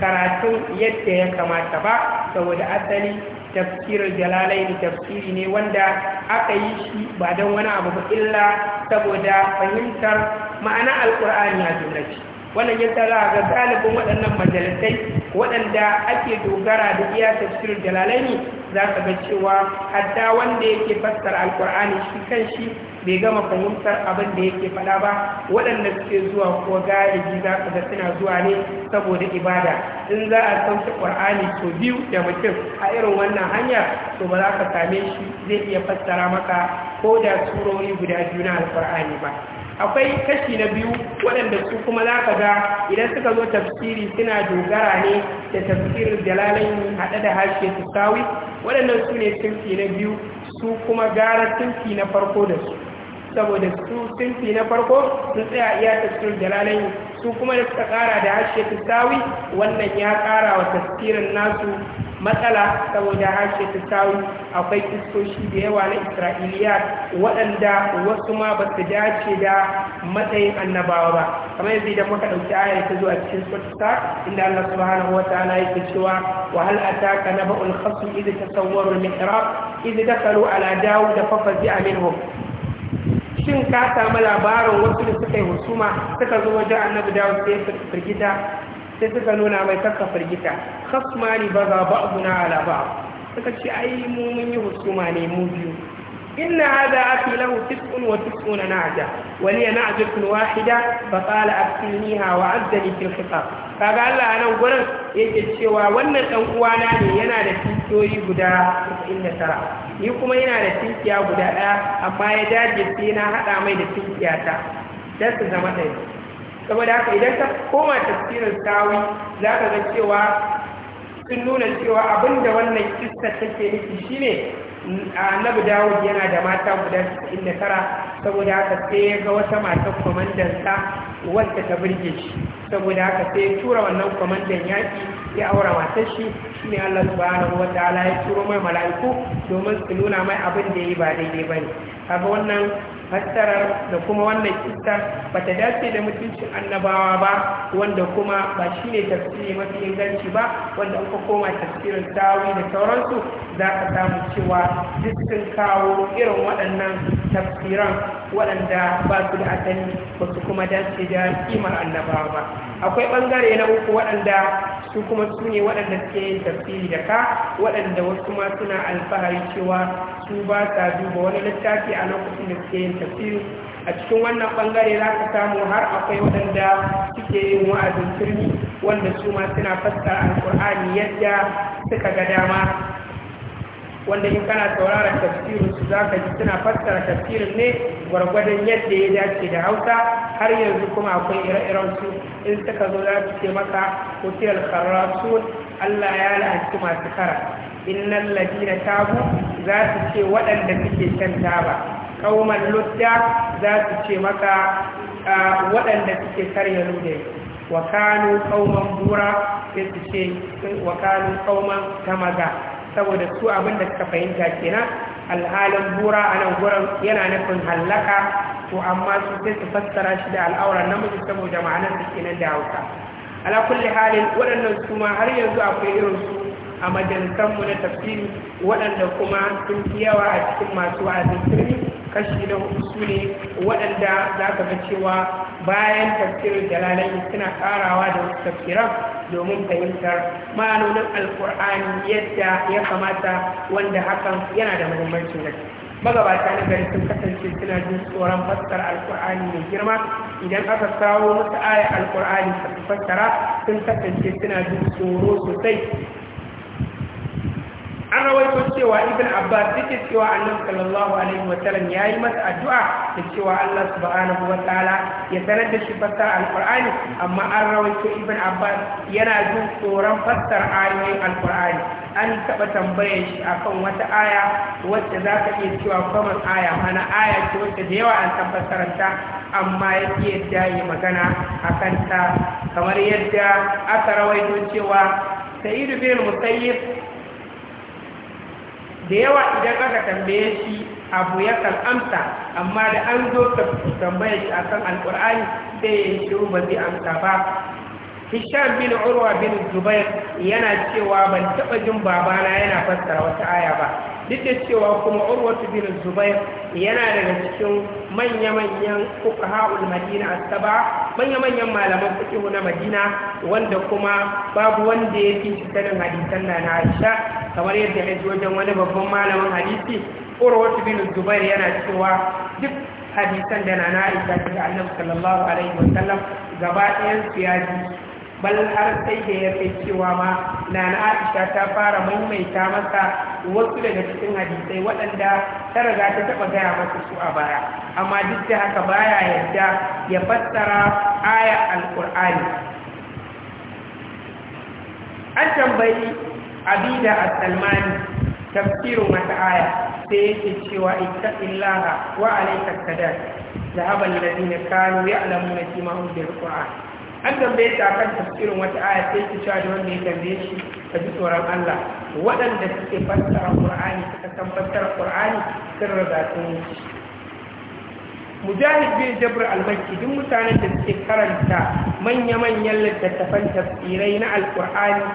karatun yadda ya kamata ba saboda asali tafsirin jalalaini tafsiri ne wanda aka yi shi ba don wani abu ba illa saboda fahimtar ma'ana alkur'ani a jumlaci wannan ya tara ga galibin waɗannan majalisai waɗanda ake dogara da iya tafsir jalalaini za ka ga cewa hatta wanda yake fassara alkur'ani shi kan shi bai gama fahimtar abin da yake faɗa ba waɗanda suke zuwa ko galibi za ka ga suna zuwa ne saboda ibada in za a sauke ƙur'ani to biyu da mutum a irin wannan hanya to ba za ka same shi zai iya fassara maka ko da surori guda biyu na alkur'ani ba akwai kashi na biyu waɗanda su kuma za ka ga idan suka zo tafsiri suna dogara ne da tafsirin jalalain haɗe da harshe su sawi waɗannan su ne sinfi na biyu su kuma gara sinfi na farko da su saboda su na farko sun tsaya iya tafsirin jalalain su kuma da suka ƙara da harshe su sawi wannan ya ƙara wa tafsirin nasu matsala saboda harshe tawi akwai iskoshi da yawa na isra'iliya waɗanda wasu ma ba su dace da matsayin annabawa ba kamar yanzu idan muka ɗauki ayar ta zuwa cikin sotisa inda allah subhanahu wa ta'ala yake cewa wa hal ataka naba'ul khasu idh tasawwaru al-mihrab idh dakalu ala dawud fa fazi'a minhum shin ka samu labarin wasu da suka yi husuma suka zo wajen annabi dawud sai firgita sai suka nuna mai kakka firgita khasmani baza ba'duna ala ba'd suka ce ai mu mun yi husuma ne mu biyu inna hadha akhi lahu tis'un wa tis'una na'ja wa liya na'jatun wahida fa qala aktilniha wa 'azzani fil khitab kaga Allah nan gurin yake cewa wannan dan uwana ne yana da tinkiyoyi guda 99 ni kuma yana da tinkiya guda daya amma ya dace sai na hada mai da tinkiyata dan su zama ɗari. saboda haka idan ta koma tafsirin sawi za ka ga cewa sun nuna cewa abin wannan kista take nufi shine annabi dawud yana da mata guda tara saboda haka sai ya ga wata mata kwamandan sa wadda ta birge shi saboda haka sai ya tura wannan kwamandan yaki ya aura matar shi shine Allah subhanahu wataala ya turo mai mala'iku domin su nuna mai abin da yi ba daidai bane kaga wannan fassarar da kuma wannan kista ba ta dace da mutuncin annabawa ba wanda kuma ba shi ne tafsiri mafi inganci ba wanda ka koma tafsirin tawi da sauransu za ka samu cewa duk kawo irin waɗannan tafsiran waɗanda ba su da asali ba su kuma dace da kimar annabawa ba akwai ɓangare na uku waɗanda su kuma su ne waɗanda suke yin tafsiri da ka waɗanda wasu ma suna alfahari cewa su ba sa duba wani littafi a lokacin da suke yin tafsiri a cikin wannan ɓangare za ka samu har akwai waɗanda suke yin wa'azin turmi wanda su ma suna fassara alkur'ani yadda suka ga dama wanda in kana taurara tafsirin su za ka ji suna fassara tafsirin ne gwargwadon yadda ya dace da hausa har yanzu kuma akwai ire-iren su in suka zo za su ce maka kutil karatu Allah ya la'anci masu kara innal ladina tabu za su ce waɗanda suke shan taba kauman ludda za su ce maka waɗanda suke karya lude wa kauman bura sai su ce wa kauman tamaga saboda su abin da suka fahimta kenan alhalin bura a nan wurin yana nufin hallaka to amma su sai su fassara shi da al'auran namiji saboda ma'anar su kenan da hausa ala kulli halin waɗannan su ma har yanzu akwai irin su a majalisanmu na tafsiri waɗanda kuma sun fi yawa a cikin masu wa'azin sirri kashi na hudu su ne waɗanda za ka ga cewa bayan tafsirin jalalai suna karawa da wasu tafsiran domin fahimtar ma'anonin alkur'ani yadda ya kamata wanda hakan yana da muhimmancin gaske magabata na gari sun kasance suna jin tsoron fassara alkur'ani mai girma idan aka kawo musu aya alkur'ani su fassara sun kasance suna jin tsoro sosai an rawaito cewa ibn abbas yake cewa annabi sallallahu alaihi wa ya yi masa addu'a da cewa Allah subhanahu wa ta'ala ya sanar da shi fassara alqur'ani amma an rawaito ibn abbas yana jin tsoron fassara ayoyin alqur'ani an taɓa tambayar shi akan wata aya wacce za ka iya cewa kwaman aya mana aya ce wacce da yawa an san ta amma yake yadda yi magana a kanta kamar yadda aka rawaito cewa sayyidu bin musayyib da yawa idan aka tambaye shi abu ya kan amsa amma da an zo ta tambaye shi akan alkur'ani sai ya yi shiru ba zai amsa ba Hisham bin Urwa bin Zubair yana cewa ban taɓa jin babana yana fassara wata aya ba duk da cewa kuma urwatu bin zubair yana daga cikin manya-manyan fuqaha'ul madina asaba manya-manyan malaman fiqh na madina wanda kuma babu wanda ya fi sanin hadisan na na aisha kamar yadda ya ji wajen wani babban malamin hadisi urwatu bin zubair yana cewa duk hadisan da na na aisha daga annabi sallallahu alaihi wasallam gaba ɗayan su ya ji bal har sai da ya kai cewa ma na na aisha ta fara maimaita masa wasu daga cikin hadisai waɗanda ta riga ta taɓa gaya masa su a baya amma duk da haka baya yadda ya fassara aya alƙur'ani an tambayi abida a salmani tafsirin wata aya sai yake cewa Ita illaha wa da kadar ذهب ya alamu na فيما أنزل القرآن an tambaye ta kan tafsirin wata aya sai ki cewa da wanda ya tambaye shi ka ji tsoron Allah waɗanda suke fassara Qur'ani suka san fassara Qur'ani sun riga sun Mujahid bin Jabr al-Makki duk mutanen da suke karanta manya-manyan littattafan tafsirai na Al-Qur'ani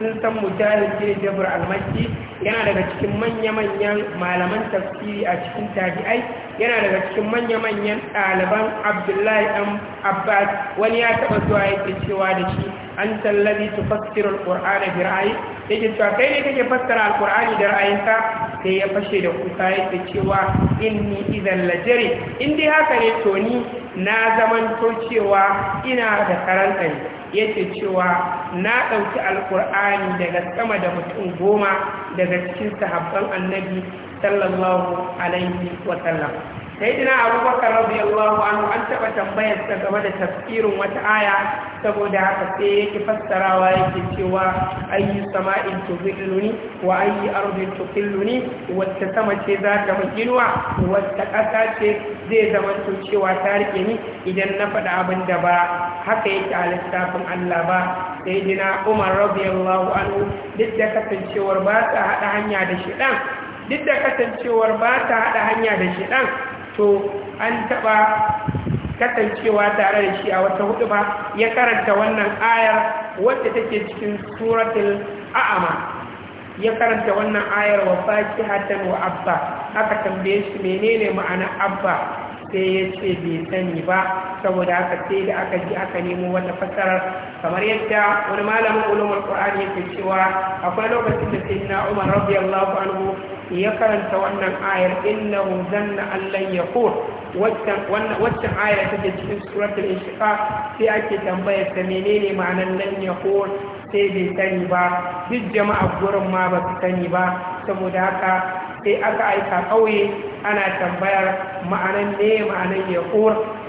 sun san mujahid bin jabir al-makki yana daga cikin manya-manyan malaman tafsiri a cikin tabi'ai yana daga cikin manya-manyan ɗaliban abdullahi ɗan abbas wani ya taɓa zuwa yake cewa da shi an tallabi su fassirar ƙur'ani da ra'ayi yake cewa kai ne kake fassara alƙur'ani da ra'ayinka sai ya fashe da kuka yake cewa ni idan lajari in dai haka ne to ni na zamanto cewa ina da karanta yake cewa na ɗauki alkur'ani daga sama da mutum goma daga cikin sahabban annabi sallallahu alaihi sallam. sayyidina abubakar radiyallahu anhu an taba tambayar ta game da tafsirin wata aya saboda haka sai yake fassarawa yake cewa yi sama'in tuzilluni wa arzikin ardin tuzilluni wata sama ce za ta mujinwa wata ƙasa ce zai zama to cewa ta rike ni idan na faɗa abin da ba haka yake a lissafin Allah ba sayyidina Umar radiyallahu anhu duk da kasancewar ba ta haɗa hanya da ɗan. duk da kasancewar ba ta haɗa hanya da ɗan. to an taɓa katancewa tare da shi a wata hudu ba ya karanta wannan ayar wadda take cikin suratul a'ama ya karanta wannan ayar wa fakihatan wa abba aka tambaye shi menene ma'ana abba sai ya ce bai sani ba saboda haka sai da aka ji aka nemo wata fassarar kamar yadda wani malamin ulumar qur'ani yake cewa akwai lokacin da na umar radiyallahu anhu ya karanta wannan ayar innahu zanna allan yaqur waccan ayar take cikin suratul inshiqaq sai ake tambayar ta menene ma'anar lan sai bai sani ba duk jama'a gurin ma ba su sani ba saboda haka sai aka aika ƙauye ana tambayar ma'anan ne ma'anan ya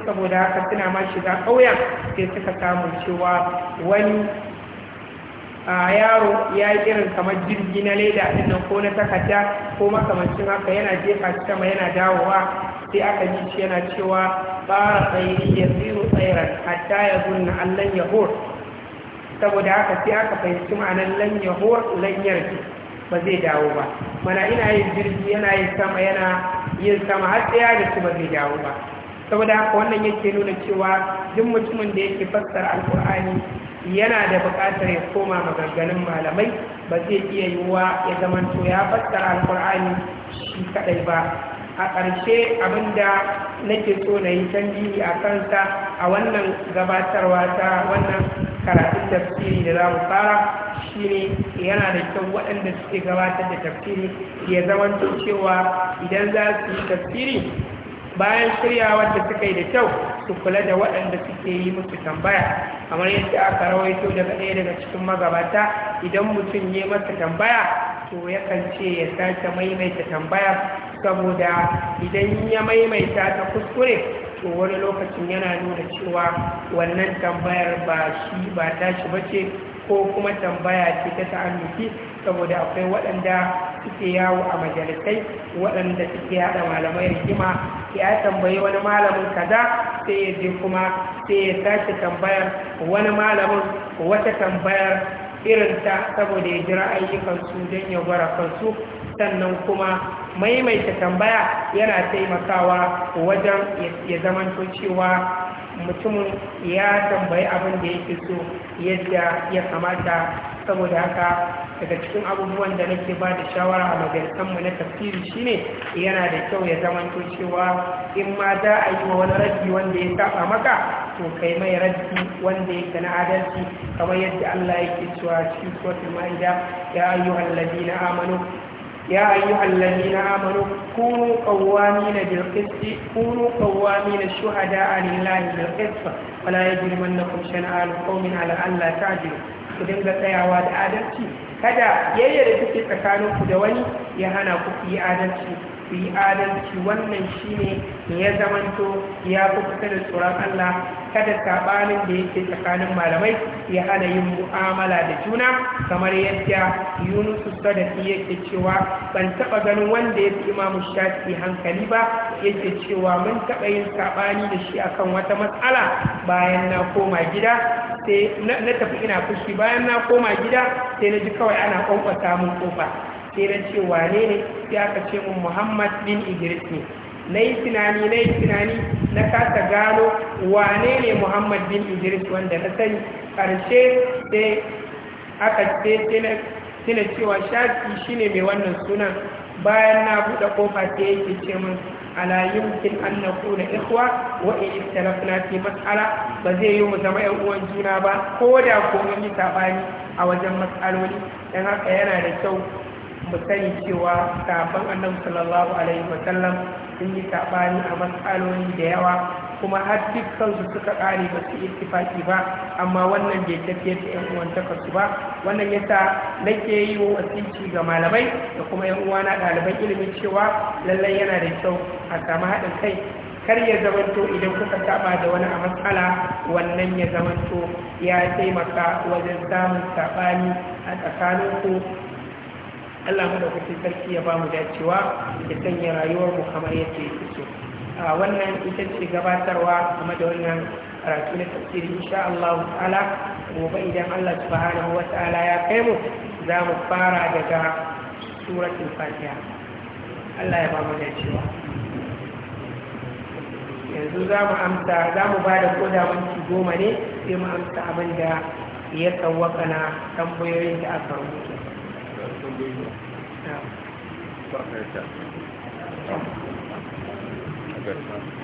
saboda haka suna ma shiga ƙauyen sai suka samu cewa wani a yaro ya yi irin kamar jirgi na leda ɗin ko na takata ko makamancin haka yana jefa shi sama yana dawowa sai aka ji shi yana cewa a tsayi ya tsiro tsairan hatta ya zunna lanya hor? saboda haka sai aka fahimci ma'anar lan hor, lan yarki ba zai dawo ba mana ina yin jirgi yana yin sama yana ya sama har da su ba zai dawo ba saboda haka wannan yake nuna cewa duk mutumin da yake fassara alkur'ani yana da buƙatar ya koma maganganun malamai ba zai iya yiwuwa ya zamanto ya fassara alkur'ani shi kaɗai ba a ƙarshe abin abinda nake so na yi tambayi a kansa a wannan gabatarwa ta wannan karatun tafsiri da za mu fara shine yana da kyau waɗanda suke gabatar da tafsiri ya zamanto cewa idan za su yi tafsiri bayan shiryawar da suka yi da kyau su kula da waɗanda suke yi musu tambaya kamar yadda aka rawaito daga ɗaya daga cikin magabata idan mutum ya yi masa tambaya to yakan ce ya sake maimaita tambaya saboda idan ya maimaita ta kuskure to wani lokacin yana nuna cewa wannan tambayar ba shi ba tashi bace ko kuma tambaya ce ta ta'annuki saboda akwai waɗanda suke yawo a majalisai waɗanda suke haɗa malamai rigima ya tambayi wani malamin kaza sai ya je kuma sai ya tashi tambayar wani malamin wata tambayar irinta saboda ya jira ayyukansu don ya gwara kansu sannan kuma maimaita tambaya yana taimakawa wajen ya zamanto cewa mutumin ya tambayi abin da yake so yadda ya kamata saboda haka daga cikin abubuwan da nake ba da shawara a mu na tafsiri shine yana da kyau ya zamanto cewa in ma za a yi wa wani raddi wanda ya saba maka to kai mai raddi wanda yake na adalci kamar yadda Allah yake cewa cikin suratul maida ya ayyuhal ladina amanu يا أيها الذين آمنوا كونوا قوامين بالقسط كونوا قوامين الشهداء لله بالقسط ولا يجرمنكم شنآن قوم على أن لا تعدلوا ku dinga tsayawa da adalci kada yayyar da take tsakaninku da wani ya hana ku yi adalci ku yi adalci wannan shi shine ya zamanto ya fi kusa da tsoron Allah kada saɓanin da yake tsakanin malamai ya hana yin mu'amala da juna kamar yadda Yunus Sadaki yake cewa ban taɓa ganin wanda ya fi Imam Shafi hankali ba yake cewa mun taɓa yin saɓani da shi akan wata matsala bayan na koma gida sai na tafi ina fushi bayan na koma gida sai na ji kawai ana kwankwasa mun kofa sai na ce wane ne sai aka ce mun muhammad bin idris ne na yi tunani na yi tunani na kasa gano wane ne muhammad bin idris wanda na sani ƙarshe sai aka ce sai na cewa shafi shine mai wannan sunan bayan na buɗe kofa sai yake ce min ala yumkin an na kuna ikhwa wa in istalafna fi mas'ala ba zai yi mu zama ƴan uwan juna ba ko da ko mun yi sabani a wajen mas'aloli dan haka yana da kyau mu sani cewa kafin annabi sallallahu alaihi sallam sun yi saɓani a matsaloli da yawa kuma har su suka kare ba su ittifaki ba amma wannan bai tafiyar da yan ta su ba wannan yasa nake yi wa wasici ga malamai da kuma yan uwana ɗaliban ilimin cewa lallai yana da kyau a samu haɗin kai kar ya zamanto idan kuka saba da wani a matsala wannan ya zamanto ya taimaka wajen samun saɓani a tsakaninku Allah madaukakin sarki ya ba mu dacewa ya sanya rayuwar mu kamar yadda yake so a wannan ita ce gabatarwa game da wannan karatu na tafsiri insha Allah ta'ala gobe idan Allah subhanahu wa ta'ala ya kai mu za mu fara daga suratul fatiha Allah ya ba mu dacewa yanzu za mu amsa za mu ba da koda minti goma ne sai mu amsa abin da ya tsawaka na tambayoyin da aka rubuta Thank you.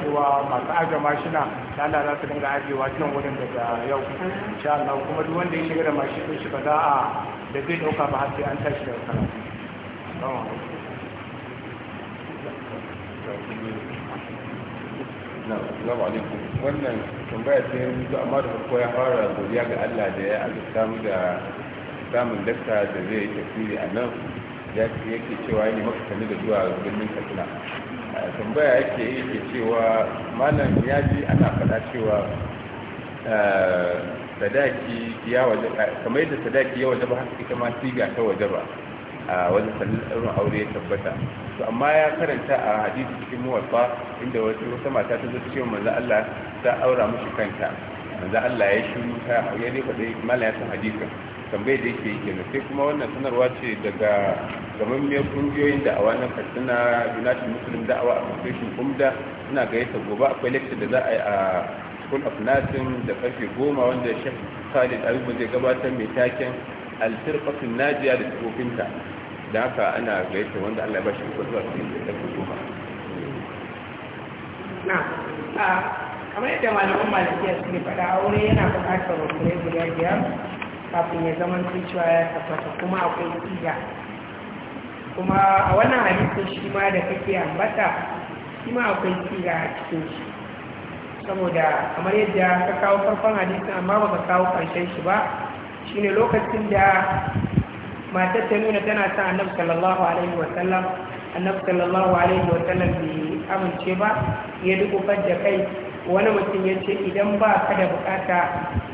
cewa masu aje mashina da Allah za su dinga ajewa cikin wurin daga yau insha Allah kuma duk wanda ya shiga da mashin shi ba za a da zai dauka ba har sai an tashi daga kala. Assalamu alaikum wannan tambaya ce yanzu amma da farko ya fara godiya ga Allah da ya alisamu da samun dakta da zai tafi a nan ya yake cewa ne nemi sani da zuwa birnin Katsina tambaya yake yake cewa malam ya ji ana faɗa cewa eh, kamar yadda sadaki ya waje ba haka ita ma siga ta waje ba a wajen sallar aure ya tabbata to amma ya karanta a hadisi cikin muwafa inda wata mata ta zo cewa manzan Allah ta aura mashi kanta manzan Allah ya shiru ta ya dai faɗi malam ya san hadisin tambayar da yake yake sai kuma wannan sanarwa ce daga gamammiyar kungiyoyin da'awa na katsina united muslim da'awa association kumda suna gayyata gobe akwai lecture da za a yi a school of nursing da karfe goma wanda shek khalid abubu zai gabatar mai taken alfirkatun najiya da tsofinta da haka ana gayyata wanda allah ya bashi ikon zuwa su yi da goma kamar yadda malamin malikiya suke fada aure yana buƙatar wakilai guda biyar kafin ya zama cewa ya tabbata kuma akwai iya kuma a wannan hadisin shi ma da kake ambata shi ma akwai iya a cikin shi saboda kamar yadda ka kawo farkon halittar amma ba ka kawo karshen shi ba shine lokacin da matar ta nuna tana sa annabi sallallahu alaihi wa sallam annabi sallallahu alaihi wa bai amince ba ya duk da kai wani mutum ya ce idan ba ka da bukata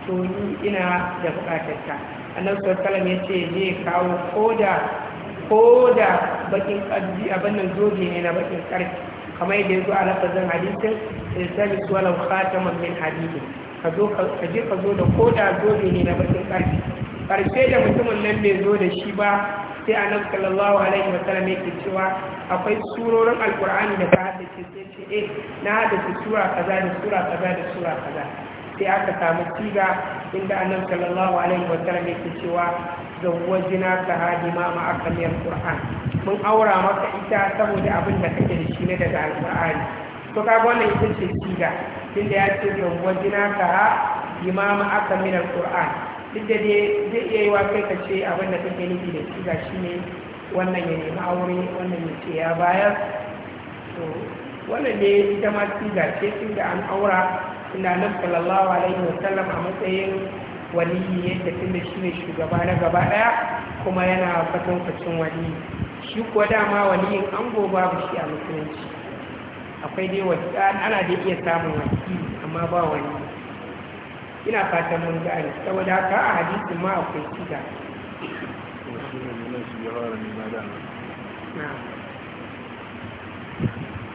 to ni ina da bukatarka annabi sallallahu ya ce ne kawo ko da bakin karfi abin nan zobe ne na bakin karfi kamar yadda ya zo a lafazin hadisin irsali suwalau khataman min hadidi ka zo ka je ka zo da ko da zobe ne na bakin karfi ƙarfe da mutumin nan bai zo da shi ba sai annabi sallallahu alaihi wasallam yake cewa akwai surorin alkur'ani da ba da ke na hada su sura kaza da sura kaza da sura kaza sai aka samu tiga inda annabi sallallahu alaihi wa sallam yake cewa zawwajina ka hadima ma aka miyar qur'an mun aura maka ita saboda abin da kake da shi ne daga alqur'ani to kaga wannan ita ce tiga inda ya ce zawwajina ka ma aka miyar qur'an duk da dai zai iya yi wa kai ka ce abin da kake nufi da shi shine wannan ya nemi aure wannan ya ce ya bayar to wannan ne ita ma siga ce da an aura ina nan sallallahu alaihi sallam a matsayin waliyi yadda tun da shi ne shugaba na gaba daya kuma yana fatankwacin waliyi shi kuwa dama an ango babu shi a musulunci akwai dai wasu ana da iya samun wani amma ba wani ina fatan mun ga ta saboda ka a hadisin ma akwai siga Thank you.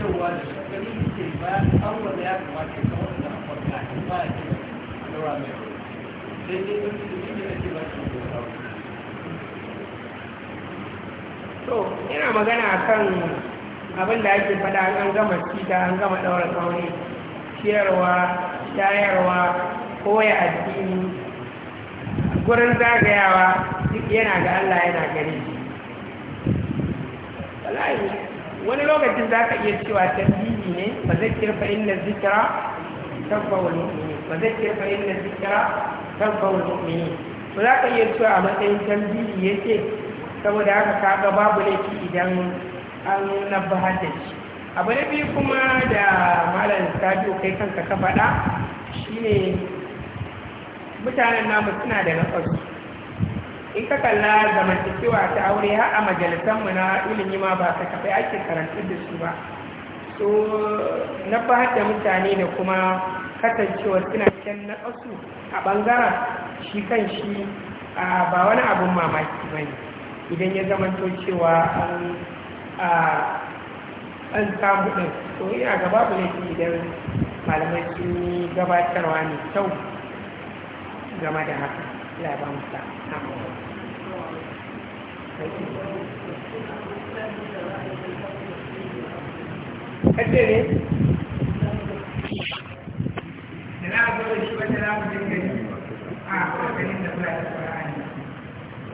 cewa da da ya ina magana akan abin da ake faɗa an gama cita an gama ɗaura kauri ciyarwa shayarwa koya addini gurin zagayawa duk yana ga Allah yana gari. wani lokacin za ka iya cewa tambihi ne ba zai kirfa inna zikira tabbawar mu'mini ba zai kirfa inna zikira tabbawar mu'mini ba za ka iya cewa a matsayin tambihi ya ce saboda haka kaga babu laifi idan an nabbahar da shi abu na biyu kuma da malam sadio kai kanka ka faɗa shine mutanen namu suna da nasaru in ka kalla zamantakewa ta aure har a majalisanmu na ilimi ma ba ta kafai ake karantar da su ba to na ba da mutane da kuma katancewa suna can na ƙasu a ɓangaren shi kan shi ba wani abin mamaki ba ne idan ya zamanto cewa an samu ɗin to ina ga babu laifi idan malamai sun gabatarwa ne kyau game da haka Allah ba mu sa kace ne da na ga shi wata lamu din gani a ah, kuma da ba ta